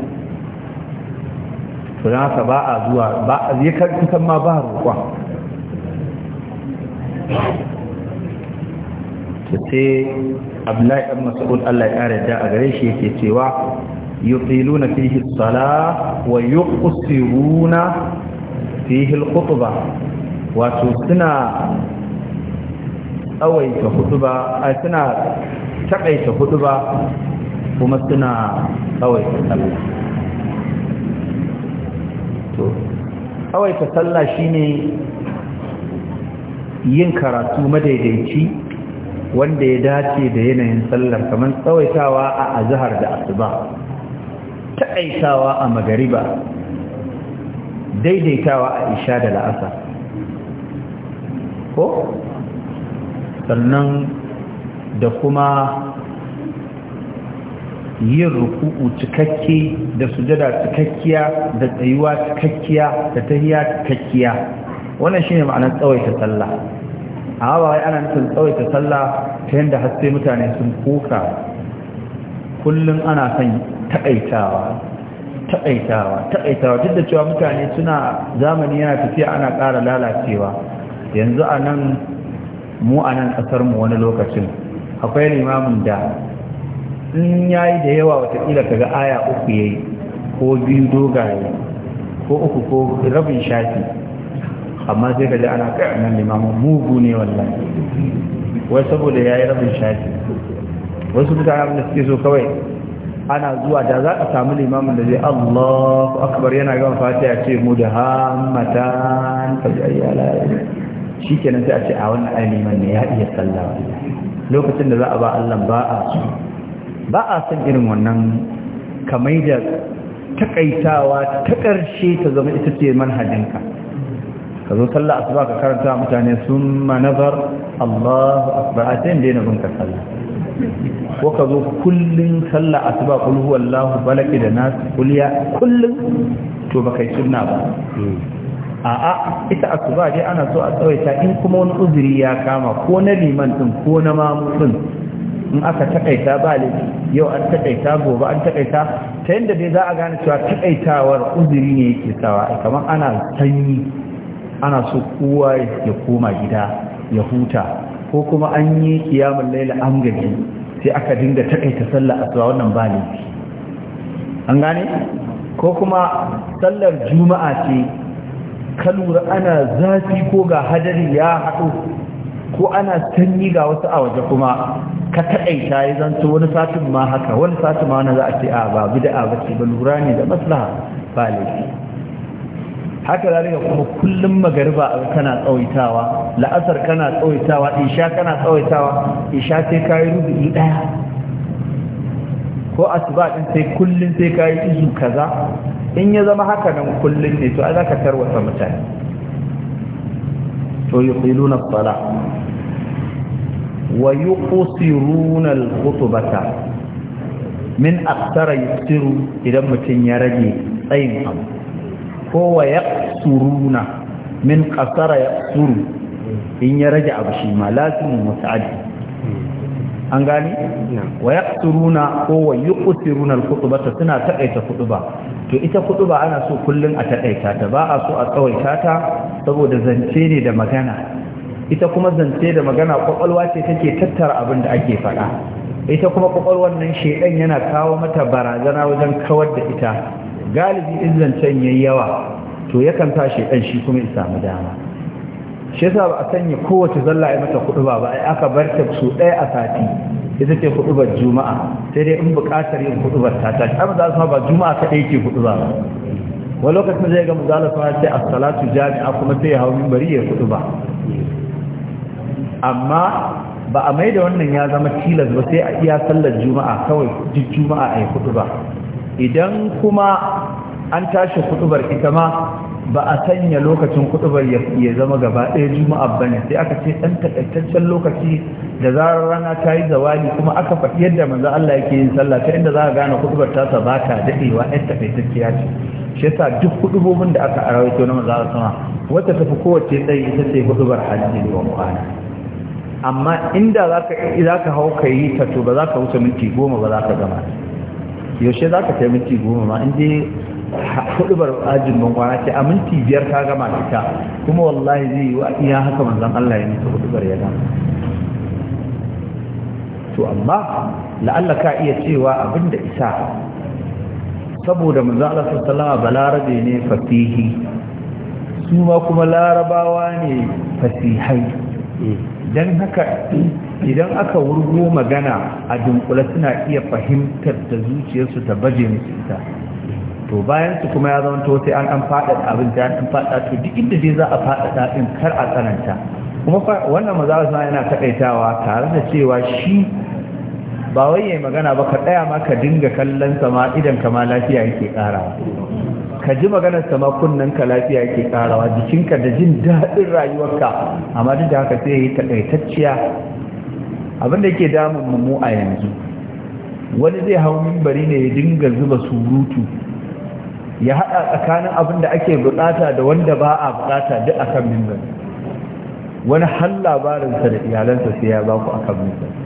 sannan haka ba a zuwa ba a zai kusan ma ba roƙon sai abdullahi dan mas'ud Allah ya kare da a gare shi yake cewa yuqiluna fihi as-salah wa yuqsiruna fihi al wato suna tsawaita khutba a suna takaita khutba kuma suna tsawaita sallah to tsawaita shi ne yin karatu madaidaici wanda ya dace da yanayin sallar kamar tsawaitawa a azhar da asuba taƙaitawa a magariba daidaitawa a isha da la'asa ko sannan da kuma yin ruku'u cikakke da sujada cikakkiya da tsayuwa cikakkiya da tahiya cikakkiya wannan shine ma'anar tsawaita sallah amma ba wai ana nufin tsawaita sallah ta yadda har sai mutane sun kuka kullum ana son taƙaitawa taƙaitawa taƙaitawa duk da cewa mutane suna zamani yana tafiya ana ƙara lalacewa yanzu a nan mu a nan ƙasarmu wani lokacin akwai limamin da in ya yi da yawa watakila ga aya uku ya yi ko biyu dogaye ko uku ko rabin shafi amma sai ka ji ana kai nan limamin mugu ne wallahi wai saboda ya yi rabin shafi wasu mutane abin da suke so kawai ana zuwa da za a samu limamin da zai allahu akbar yana fata fatiha ce mu da hammatan fajayyala shi kenan sai a ce a wannan ai liman ne ya iya sallah lokacin da za a ba allah ba a su ba a san irin wannan kamai da takaitawa ta ƙarshe ta zama ita ce manhajinka ka zo sallah asuba ka karanta mutane sun nazar Allahu akbar a sai bin ka sallah ko ka zo kullun sallah asuba kul huwallahu balaki da nas kulliya kullun to baka yi sunna ba a'a ita asuba dai ana so a tsawaita in kuma wani uzuri ya kama ko na liman din ko na mamu in aka takaita ba yau an takaita gobe an takaita ta yadda dai za a gane cewa takaitawar uzuri ne yake sawa kamar ana sanyi ana so kowa ya koma gida ya huta ko kuma an yi kiyamun laila an gaji sai aka dinga takaita sallah asuba wannan ba laifi an gane ko kuma sallar juma'a ce ka lura ana zafi ko ga hadari ya haɗu ko ana sanyi ga wasu a waje kuma ka taƙaita ya zanto wani satin ma haka wani satin ma wani za a ce a ba bida a ce ba lura ne da maslaha ba laifi haka rika kuma kullum magariba kana tsawaitawa la'asar kana tsawaitawa isha kana tsawaitawa isha sai kayi rubu'i daya ko asuba din sai kullum sai kayi izu kaza in ya zama haka nan kullum ne to za ka tarwata mutane to yuqiluna na sala wa runar al-khutbata min aktara yuqsiru idan mutum ya rage tsayin abu ko wa suruna min qasara suru, in ya rage abu shi ma lazimin muta'addi an gani wa suruna ko wa yuqsiruna al suna takaita khutba to ita khutba ana so kullum a taɗaita ta ba a so a tsawaita ta saboda zance ne da magana ita kuma zance da magana kwakwalwa ce take tattara abin da ake faɗa ita kuma ƙwaƙwalwar nan shedan yana kawo mata barazana wajen kawar da ita galibi in zancen yayi yawa to yakan tashi dan shi kuma ya samu dama shi yasa ba a sanya kowace zalla ya mata kudu ba ba ai aka bar ta su ɗaya a sati ita ce ba juma'a sai dai in buƙatar yin ba ta tashi amma za su ba juma'a ta ɗaya ke kudu ba wani lokacin zai ga muzala fara sai a salatu jami'a kuma sai ya hau bari ya kudu ba amma ba a mai da wannan ya zama tilas ba sai a iya sallar juma'a kawai duk juma'a a yi kudu ba idan kuma an tashi kutubar ita ma ba a sanya lokacin kutubar ya zama gaba ɗaya juma'a ba ne sai aka ce ɗan takaitaccen lokaci da zarar rana ta yi zawali kuma aka faɗi yadda manzo Allah yake yin sallah ta inda za a gane kutubar ta sa ba ta daɗewa ɗan takaitacciya ce shi yasa duk kutubobin da aka arawaito na manzo Allah sama wata tafi kowace tsayi ita ce kutubar hajji da mu'ana amma inda za ka hau ka yi ta to ba za ka wuce minti goma ba za ka gama yaushe za ka kai minti goma ma in dai hudubar ajin ban kwana ce a minti biyar ka gama fita kuma wallahi zai yi wa iya haka manzan Allah ya nisa hudubar ya gama to amma la'alla ka iya cewa abinda isa saboda manzan Allah sallallahu balarabe ne fasihi su ma kuma larabawa ne fasihai hmm. dan haka idan aka wurgo magana a dunkula suna iya fahimtar da zuciyarsu ta baje musu ita to bayan su kuma ya zama to sai an an faɗaɗa abin da an faɗaɗa to duk inda dai za a faɗaɗa ɗin kar a tsananta kuma wannan maza sa yana taƙaitawa tare da cewa shi ba wai yayi magana ba ka tsaya ma ka dinga kallon sama idan ka ma lafiya yake ƙarawa ka ji maganar sama kunnen ka lafiya yake ƙarawa jikinka da jin daɗin rayuwarka amma duk da haka sai yayi taƙaitacciya abin da yake damun mu a yanzu wani zai hau mimbari ne ya dinga zuba surutu ya haɗa tsakanin abin da ake bukata da wanda ba a bukata duk akan mimbari wani har labarinsa da iyalansa sai ya ba a akan mimbari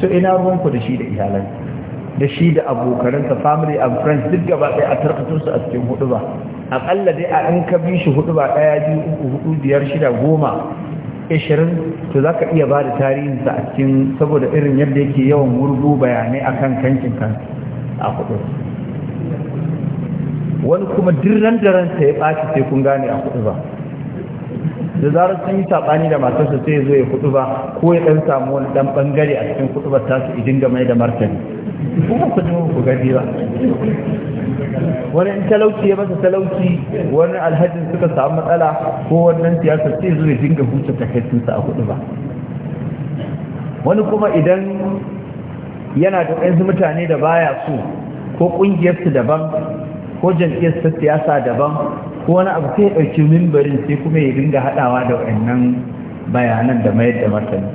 to ina ku da shi da iyalansa da shi da abokanansa family and friends duk gaba ɗaya a su a cikin hudu ba aƙalla dai a ɗan ka bi shi hudu ba ɗaya biyu uku hudu biyar shida goma 20 to za ka iya ba da tarihinsa a cikin saboda irin yadda yake yawan wurgu bayanai a kan kankin kansa a kudu wani kuma dirran daren ta ya ɓaci sai kun gane a kudu ba da zarar sun yi sabani da matarsa sai ya zo ya kudu ba ko ya ɗan samu wani ɗan ɓangare a cikin kudu ba ta su idin ga mai da martani kuma ku ji ku gadi ba wani in talauci ya masa talauci wani alhajin suka samu matsala ko wannan siyasa sai zo ya dinga huce takaitunsa a kudu ba wani kuma idan yana da ɗansu mutane da baya so ko ƙungiyarsu daban ko jam'iyyar siyasa daban ko wani abu sai ɗauki mimbarin sai kuma ya dinga haɗawa da waɗannan bayanan da mayar da martani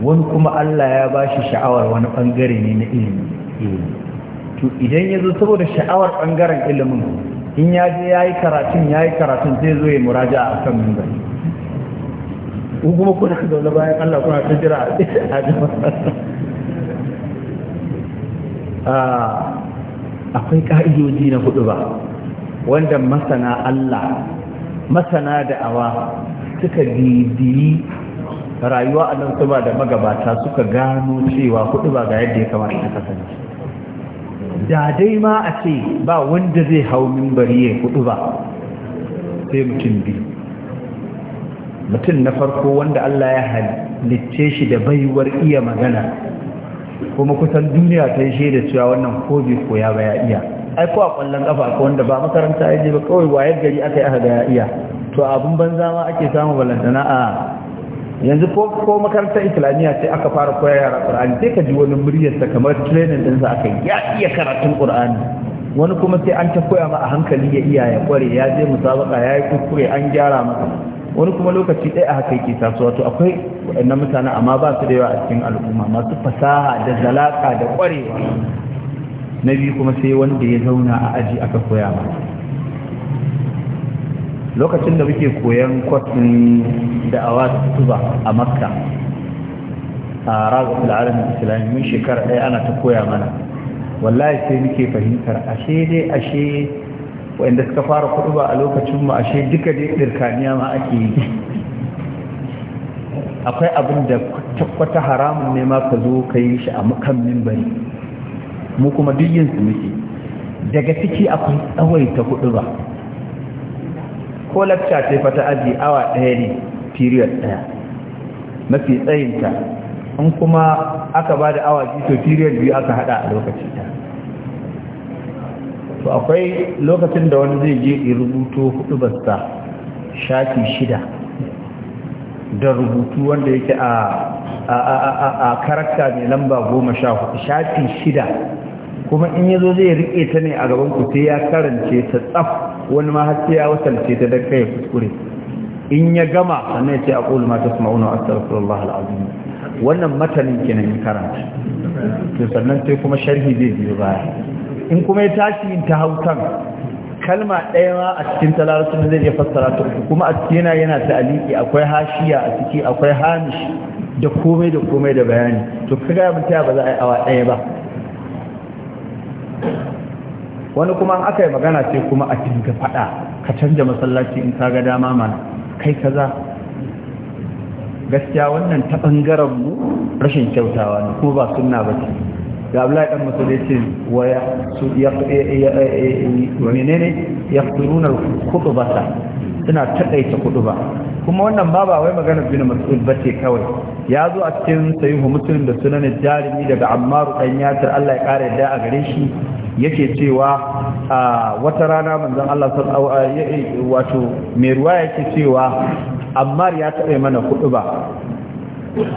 wani kuma Allah ya ba shi sha'awar wani ɓangare ne na ilimi to idan ya zo saboda sha'awar ɓangaren ilimin in ya je ya yi karatun ya yi karatun sai zo ya muraja a kan mimbari ko kuma kuna zaune bayan Allah kuna ta jira a jama'a ah, akwai ka'idoji na hudu ba wanda masana Allah masana da'awa suka didi rayuwa a nan tuba da magabata suka gano cewa kudu ba ga yadda ya kamata ta kasance da dai ma a ce ba wanda zai hau mimbari ya kudu ba sai mutum biyu mutum na farko wanda Allah ya halicce shi da baiwar iya magana kuma kusan duniya ta yi shaida cewa wannan ko bai koya ba ya iya ai ko a kwallon kafa ko wanda ba makaranta ya je ba kawai wayar gari aka yi aka ga iya to abun banza ma ake samu balantana a yanzu ko ko makarantar islamiyya sai aka fara koya yara qur'ani sai ka ji wani muryarsa kamar training din sa aka ya iya karatun qur'ani wani kuma sai an ta koya ma a hankali ya iya ya kware ya je musabaka ya yi kuskure an gyara masa wani kuma lokaci ɗaya a haka yake tasowa to akwai waɗannan mutane amma ba su da yawa a cikin al'umma masu fasaha da zalaka da ƙwarewa na biyu kuma sai wanda ya zauna a aji aka koya ba. lokacin da muke koyan kwatin da awa tuba a makka a razatul alamin islami mun shekara ɗaya ana ta koya mana wallahi sai muke fahimtar ashe dai ashe wanda suka fara kudu ba a lokacin mu ashe duka dai dirkaniya ma ake yi akwai abin da kwata-kwata haramun ne ma ka zo ka yi shi a kan mimbari mu kuma duk yin su muke daga ciki akwai tsawaita hudu ba ko lacca ce fata aji awa daya ne period daya mafi tsayinta in kuma aka ba da awa biyu to period biyu aka hada a lokaci ta to akwai lokacin da wani zai je rubuto hudu basta shafi shida da rubutu wanda yake a a karakta mai lamba goma sha hudu shafi shida kuma in yazo zai rike ta ne a gaban ku sai ya karance ta tsaf wani ma har sai ya wasalce ta da kai kuskure in ya gama sannan ya ce a aqulu ma tasma'una astaghfirullah alazim wannan matanin kenan in karanta to sannan sai kuma sharhi zai biyo baya in kuma ya tashi in ta hautan kalma ɗaya ma a cikin talarutun zai iya fassara ta kuma a cikin yana yana ta'aliki akwai hashiya a ciki akwai hamish da komai da komai da bayani to kaga mutum ba za a yi awa ɗaya ba wani kuma an aka yi magana ce kuma a cikin faɗa ka canja masallaci in ka ga dama mana kai kaza gaskiya wannan ta ɓangaren mu rashin kyautawa ne kuma ba sunna ba ce da abdullahi dan masul ya ce ya ya menene ya ba ta suna takaita ba kuma wannan ba ba wai magana bin ba ce kawai ya zo a cikin sahihu muslim da sunanin jarumi daga ammaru dan yasir Allah ya kare da a gare shi yake cewa a wata rana manzon Allah sallallahu alaihi wato mai ruwa yake cewa ammar ya taɓa mana khutba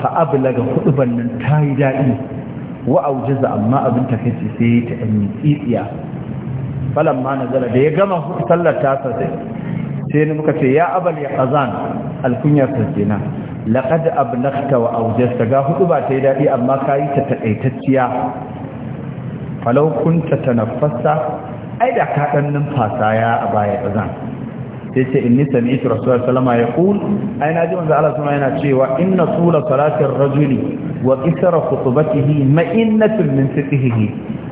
fa ablaga khutban nan yi da'i wa aujaza amma abin takeici sai ta ɗan tsitsiya falan ma nazara da ya gama sallar tasa sai sai ni muka ce ya abal ya qazan alkunyar ta Laƙad laqad wa aujasta ga hudu ba ta yi daɗi amma kayi ta takaitacciya falau kunta nafasa ai da ka dan numfasa ya abaya sai ce inni sami'tu rasulullahi sallama yaqul ai ji manzo Allah Suna yana cewa inna tula salatin rajuli wa qisra khutbatihi ma'innatun min fiqhihi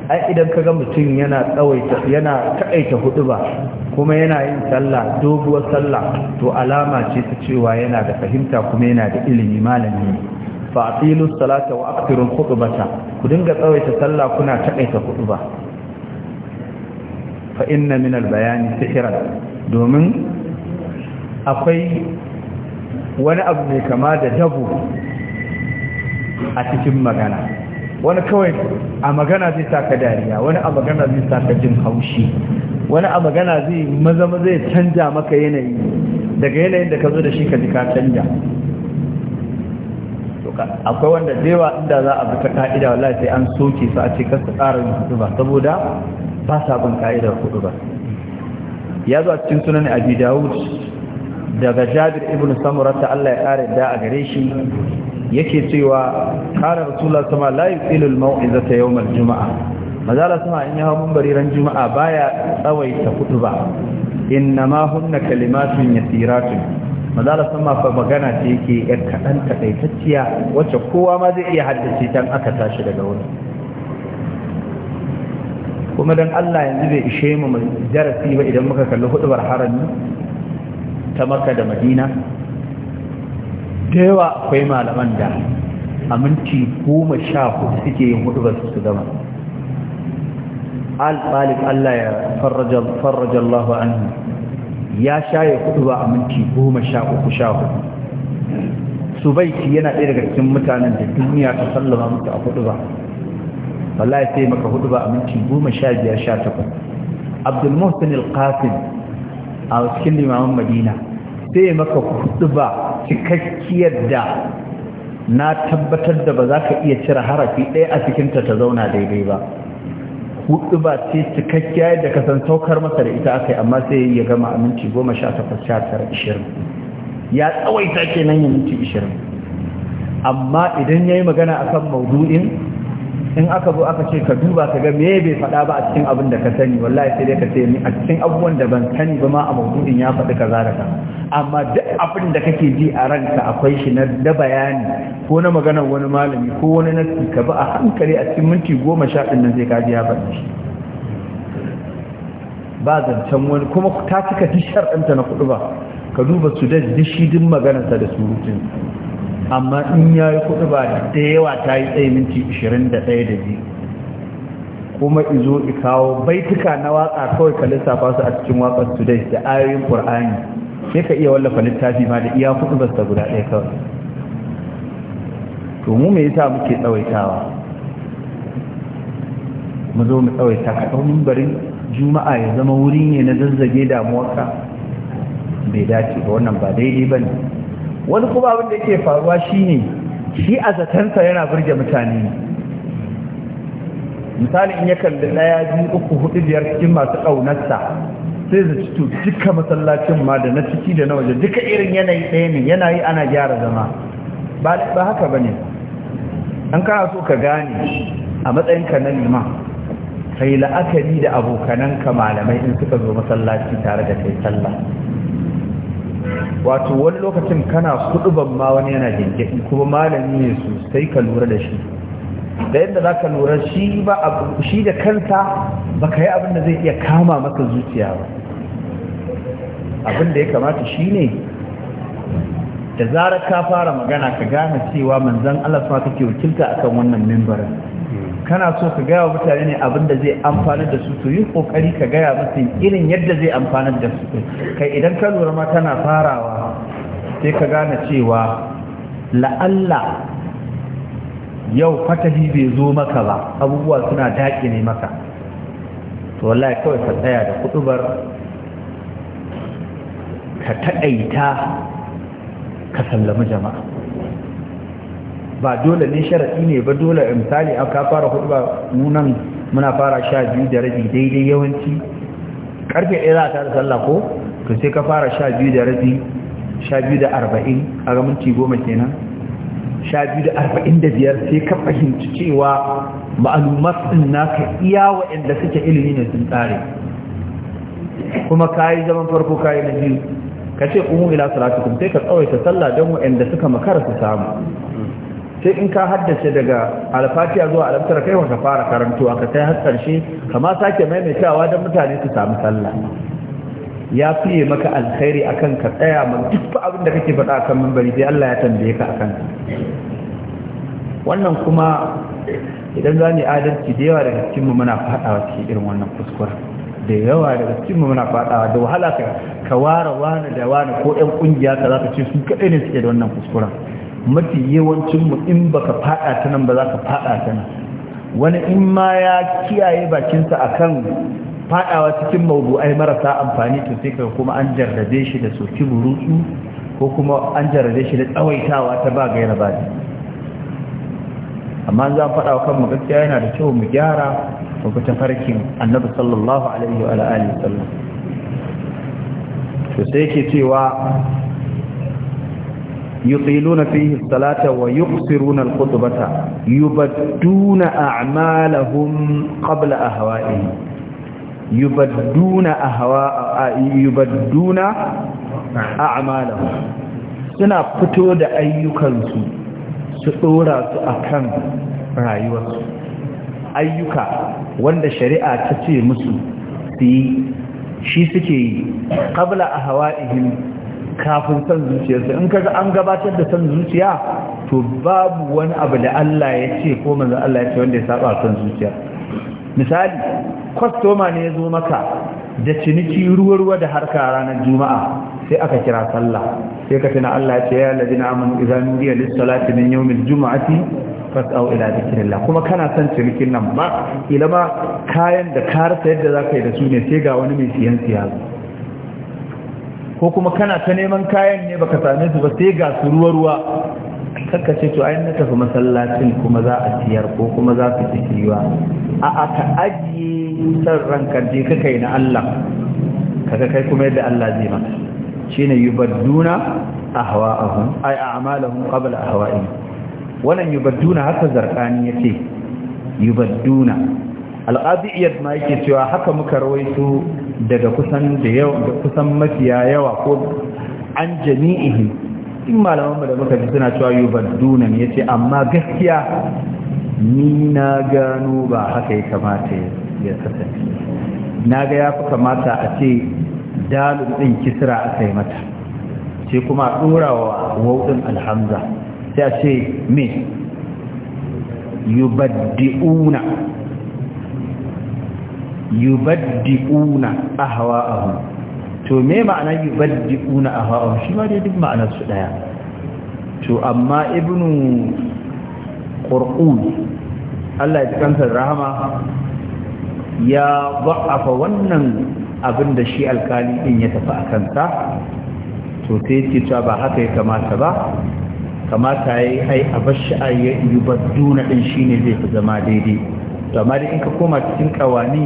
ai idan ga mutum yana tsawaita yana takaita ba kuma yana yin sallah doguwar sallah to alama ce ta cewa yana da fahimta kuma yana da ilimi malami fa atilu salata wa aqtiru khutbata ku dinga tsawaita sallah kuna takaita huduba fa inna min al-bayani sihran domin akwai wani abu mai kama da dabu a cikin magana wani kawai a magana zai taka dariya wani a magana zai taka jin haushi wani a magana zai maza zai canja maka yanayi daga yanayin da ka zo da shi ka ji ka canja akwai wanda dewa inda za a fita ka'ida wallahi sai an soke su a ce kasa tsarin hudu ba saboda ba sa bin ka'idar hudu ba ya zo a cikin sunan abi dawud daga jabir ibn samurata Allah ya kare da a gare shi yake cewa kare rasulullah sama la yuqilul mau'izata yawm al-jum'a mazala sama in yawo mumbari ran juma'a baya tsawaita kutuba innama hunna kalimatun yasiratun mazala sama fa magana ce yake yar kadan takaitacciya wacce kowa ma zai iya haddace dan aka tashi daga wurin kuma don Allah yanzu bai ishe mu mai darasi ba idan muka kalli hudubar harami ta maka da madina da yawa akwai malaman da a minti goma sha hudu suke yin hudubar su gama al-balik Allah ya farraja Allah anhu ya shaye hudubar a minti goma sha uku sha hudu subaiki yana ɗaya daga cikin mutanen da duniya ta sallama musu a hudubar wallahi sai maka hudu ba a minti goma sha biyar sha takwas abdul al a cikin limamin madina sai maka hudu ba cikakkiyar da na tabbatar da ba za ka iya cire harafi ɗaya a cikinta ta zauna daidai ba hudu ba ce cikakkiya da ka san saukar masa da ita aka yi amma sai ya gama a minti goma sha takwas sha tara ishirin ya tsawaita kenan ya minti ishirin amma idan ya yi magana akan maudu'in in aka zo aka ce ka duba ka ga me bai faɗa ba a cikin abin da ka sani wallahi sai dai ka ce ni a cikin abubuwan da ban sani ba ma a maudu'in ya faɗi kaza da ka amma duk abin da kake ji a ranka akwai shi na da bayani ko na maganar wani malami ko wani nasi ka ba a hankali a cikin minti goma sha ɗin nan sai ka ji ya faɗi shi ba zancen wani kuma ta cika duk shar'anta na kuɗi ba ka duba su da shi duk maganarsa da surutun amma in ya yi kudu ba da yawa ta yi tsaye minti 21 da biyu kuma izo ikawo baituka na waka kawai ka lissafa su a cikin wakar today da ayoyin ƙur'ani. sai ka iya wallafa littafi ma da iya kudu basta guda ɗaya kawai to mu me yasa muke tsawaitawa mu zo mu tsawaita ka ɗau mimbarin juma'a ya zama wuri ne na zazzage damuwarka bai dace ba wannan ba daidai ba ne wani kuma abin da yake faruwa shine shi a zatansa yana burge mutane misali in ya kalli ɗaya biyu uku hudu biyar cikin masu ƙaunarsa sai da cito duka masallacin ma da na ciki da na waje duka irin yanayi ɗaya ne yanayi ana gyara zama ba haka ba ne an kana so ka gane a matsayinka na liman kai la'akari da abokananka malamai in suka zo masallaci tare da kai sallah wato wani lokacin kana kuduban ma wani yana jinkiri kuma malami ne sosai ka lura da shi da yadda za ka lura shi da kanta ba ka yi abin da zai iya kama maka zuciya ba abin da ya kamata shi ne da zarar ka fara magana ka gane cewa manzan Allah kake wakilta akan wannan mimbarin kana so ka gaya wa mutane ne abin da zai amfana da su to yi kokari ka gaya musu irin yadda zai amfanar da su kai idan ka lura ma tana farawa sai ka gane cewa la'alla yau fatahi bai zo maka ba abubuwa suna daƙi ne maka to wallahi kawai ka tsaya da kudubar ka taƙaita ka sallama jama'a ba dole ne sharaɗi ne ba dole misali a ka fara hudu ba nunan muna fara sha biyu da rabi daidai yawanci karfe ɗaya za ta da sallah ko to sai ka fara sha biyu da rabi sha biyu da arba'in a ga minti goma kenan sha biyu da arba'in da biyar sai ka fahimci cewa ma'alumat ɗin naka iya waɗanda suke ilimi ne sun tsare kuma ka yi zaman farko ka yi na biyu ka ce umu ila salatukum sai ka tsawaita sallah don waɗanda suka makara su samu sai in ka haddace daga alfatiya zuwa alamtar kai wanda fara karantuwa ka kai har karshe kama sake maimaitawa don mutane su samu sallah ya fiye maka alkhairi akan ka tsaya ma duk abin da kake faɗa akan mambari sai Allah ya tambaye ka akan wannan kuma idan za ni adalci da yawa daga cikinmu mu muna faɗawa cikin irin wannan kuskure da yawa daga cikinmu mu muna faɗawa da wahala ka ware wani da wani ko yan ƙungiya ka za ka ce su kaɗai ne suke da wannan kuskuren mafi yawancin mu in baka fada ta nan ba za ka fada ta nan wani in ma ya kiyaye bakinsa akan fadawa cikin maudu'ai marasa amfani to sai kaga kuma an jarrabe shi da soki burutsu ko kuma an jarrabe shi da tsawaitawa ta ba gaira ba amma za mu faɗa wa kanmu gaskiya yana da kyau mu gyara mu bi tafarkin annabi sallallahu alaihi wa alihi sallam to sai yake cewa يطيلون فيه الصلاة ويقصرون الخطبة يبدون أعمالهم قبل أهوائهم يبدون أهواء يبدون أعمالهم suna fito da ayyukansu su ɗora su rayuwarsu ayyuka wanda shari'a ta ce musu su shi suke yi ƙabla a kafin san zuciyarsa in kaga an gabatar da san zuciya to babu wani abu da Allah ya ce ko manzon Allah ya ce wanda ya saba san zuciya misali kwastoma ne ya zo maka da ciniki ruwa-ruwa da harka ranar juma'a sai aka kira sallah sai ka tuna Allah ya ce ya ladina amanu idza nudiya lis-salati min yawmil jumu'ati fas'au ila dhikrillah kuma kana san cinikin nan ba ilama kayan da ka rasa yadda zaka yi da su ne sai ga wani mai siyan siyasa ko kuma kana ta neman kayan ne baka same su ba sai ga su ruwa ruwa kaka ce to ayin na tafi masallacin kuma za a siyar ko kuma za su ci siyuwa a aka ajiye san ranka je ka kai na Allah kaga kai kuma yadda Allah zai maka shine yubadduna ahwa'ahum ay a'malahum qabla ahwa'ihim wannan yubadduna haka zarkani yace yubadduna alƙadi ma yake cewa haka muka rawaito daga kusan da yau da kusan mafiya yawa ko an jami'ihi in malaman da muka ji suna cewa yubadduna ne yace amma gaskiya ni na gano ba haka ya kamata ya kasance na ga ya kamata a ce dalin ɗin kisra aka yi mata sai kuma a ɗora wa alhamza sai a ce me yubaddi'una yubaddi'una ahwa'ahum to me ma'ana yubaddi'una ahwa'ahum shi ma dai duk ma'anar su daya to amma ibnu qur'un Allah ya tsanta rahama ya ba'afa wannan abin da shi alkali din ya tafi a kansa to sai ce ta ba haka ya kamata ba kamata yayi ai a bashi a na ɗin din shine zai fi zama daidai to amma dai in ka koma cikin kawani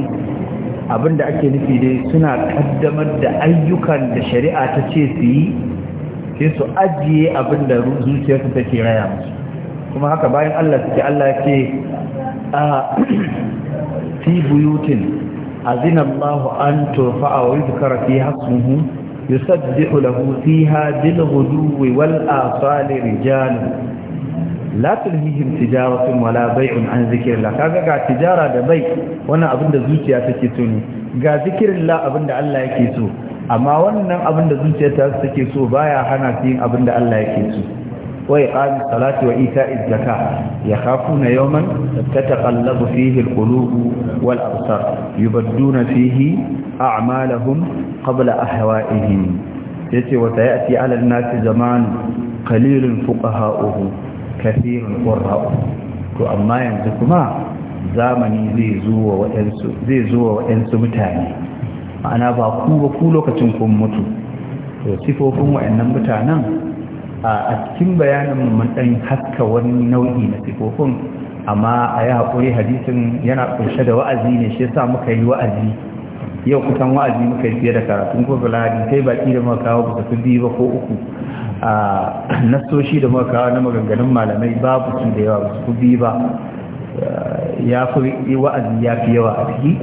abinda ake nufi dai suna kaddamar da ayyukan da shari'a ta ce su yi sai su ajiye abinda zuciyarsu take raya musu kuma haka bayan Allah suke Allah ya ce a (clears throat) fi buyutin azina Allah an turfa'a wa yuzkara fi hasmuhu yusabbihu lahu fiha bil ghuduwi wal asali rijalun la tulhihim tijaratun wala bai'un an zikrillah kaga ga tijara da bai wannan abinda da zuciya take so ne ga zikrillah la abinda Allah yake so amma wannan abinda da zuciya ta take so baya hana su yin abin da Allah yake so wa iqami salati wa ita'iz zakat yakhafuna yawman tataqallabu fihi alqulubu wal absar yubadduna fihi a'malahum qabla ahwa'ihim yace wa ta'ati 'ala an-nasi zaman qalilun fuqaha'uhu kafirul qurra to amma yanzu kuma zamani zai zo wa waɗansu zai waɗansu mutane ma'ana ba ku ba ku lokacin kun mutu to sifofin waɗannan mutanen a cikin bayanin mun dan haska wani nau'i na sifofin amma a yi haƙuri hadisin yana ƙunshe da wa'azi ne shi yasa muka yi wa'azi yau kusan wa'azi muka yi fiye da karatun ko bala sai baki da muka kawo biyu ba ko uku a nasoshi da muka kawo na maganganun malamai babu su da yawa su kubi ba ya fi wa'azi ya fi yawa a ciki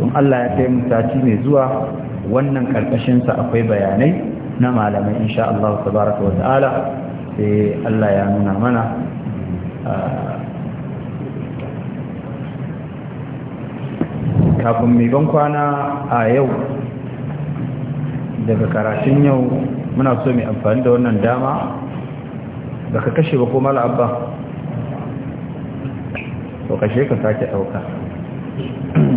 in Allah ya kai sati mai zuwa wannan karkashinsa akwai bayanai na malamai insha Allah tabaraka wa ta'ala sai Allah ya nuna mana kafin mai ban kwana a yau daga karatun yau muna so mai amfani da wannan dama da ka kashe ba ko mala to kashe ka sake ɗauka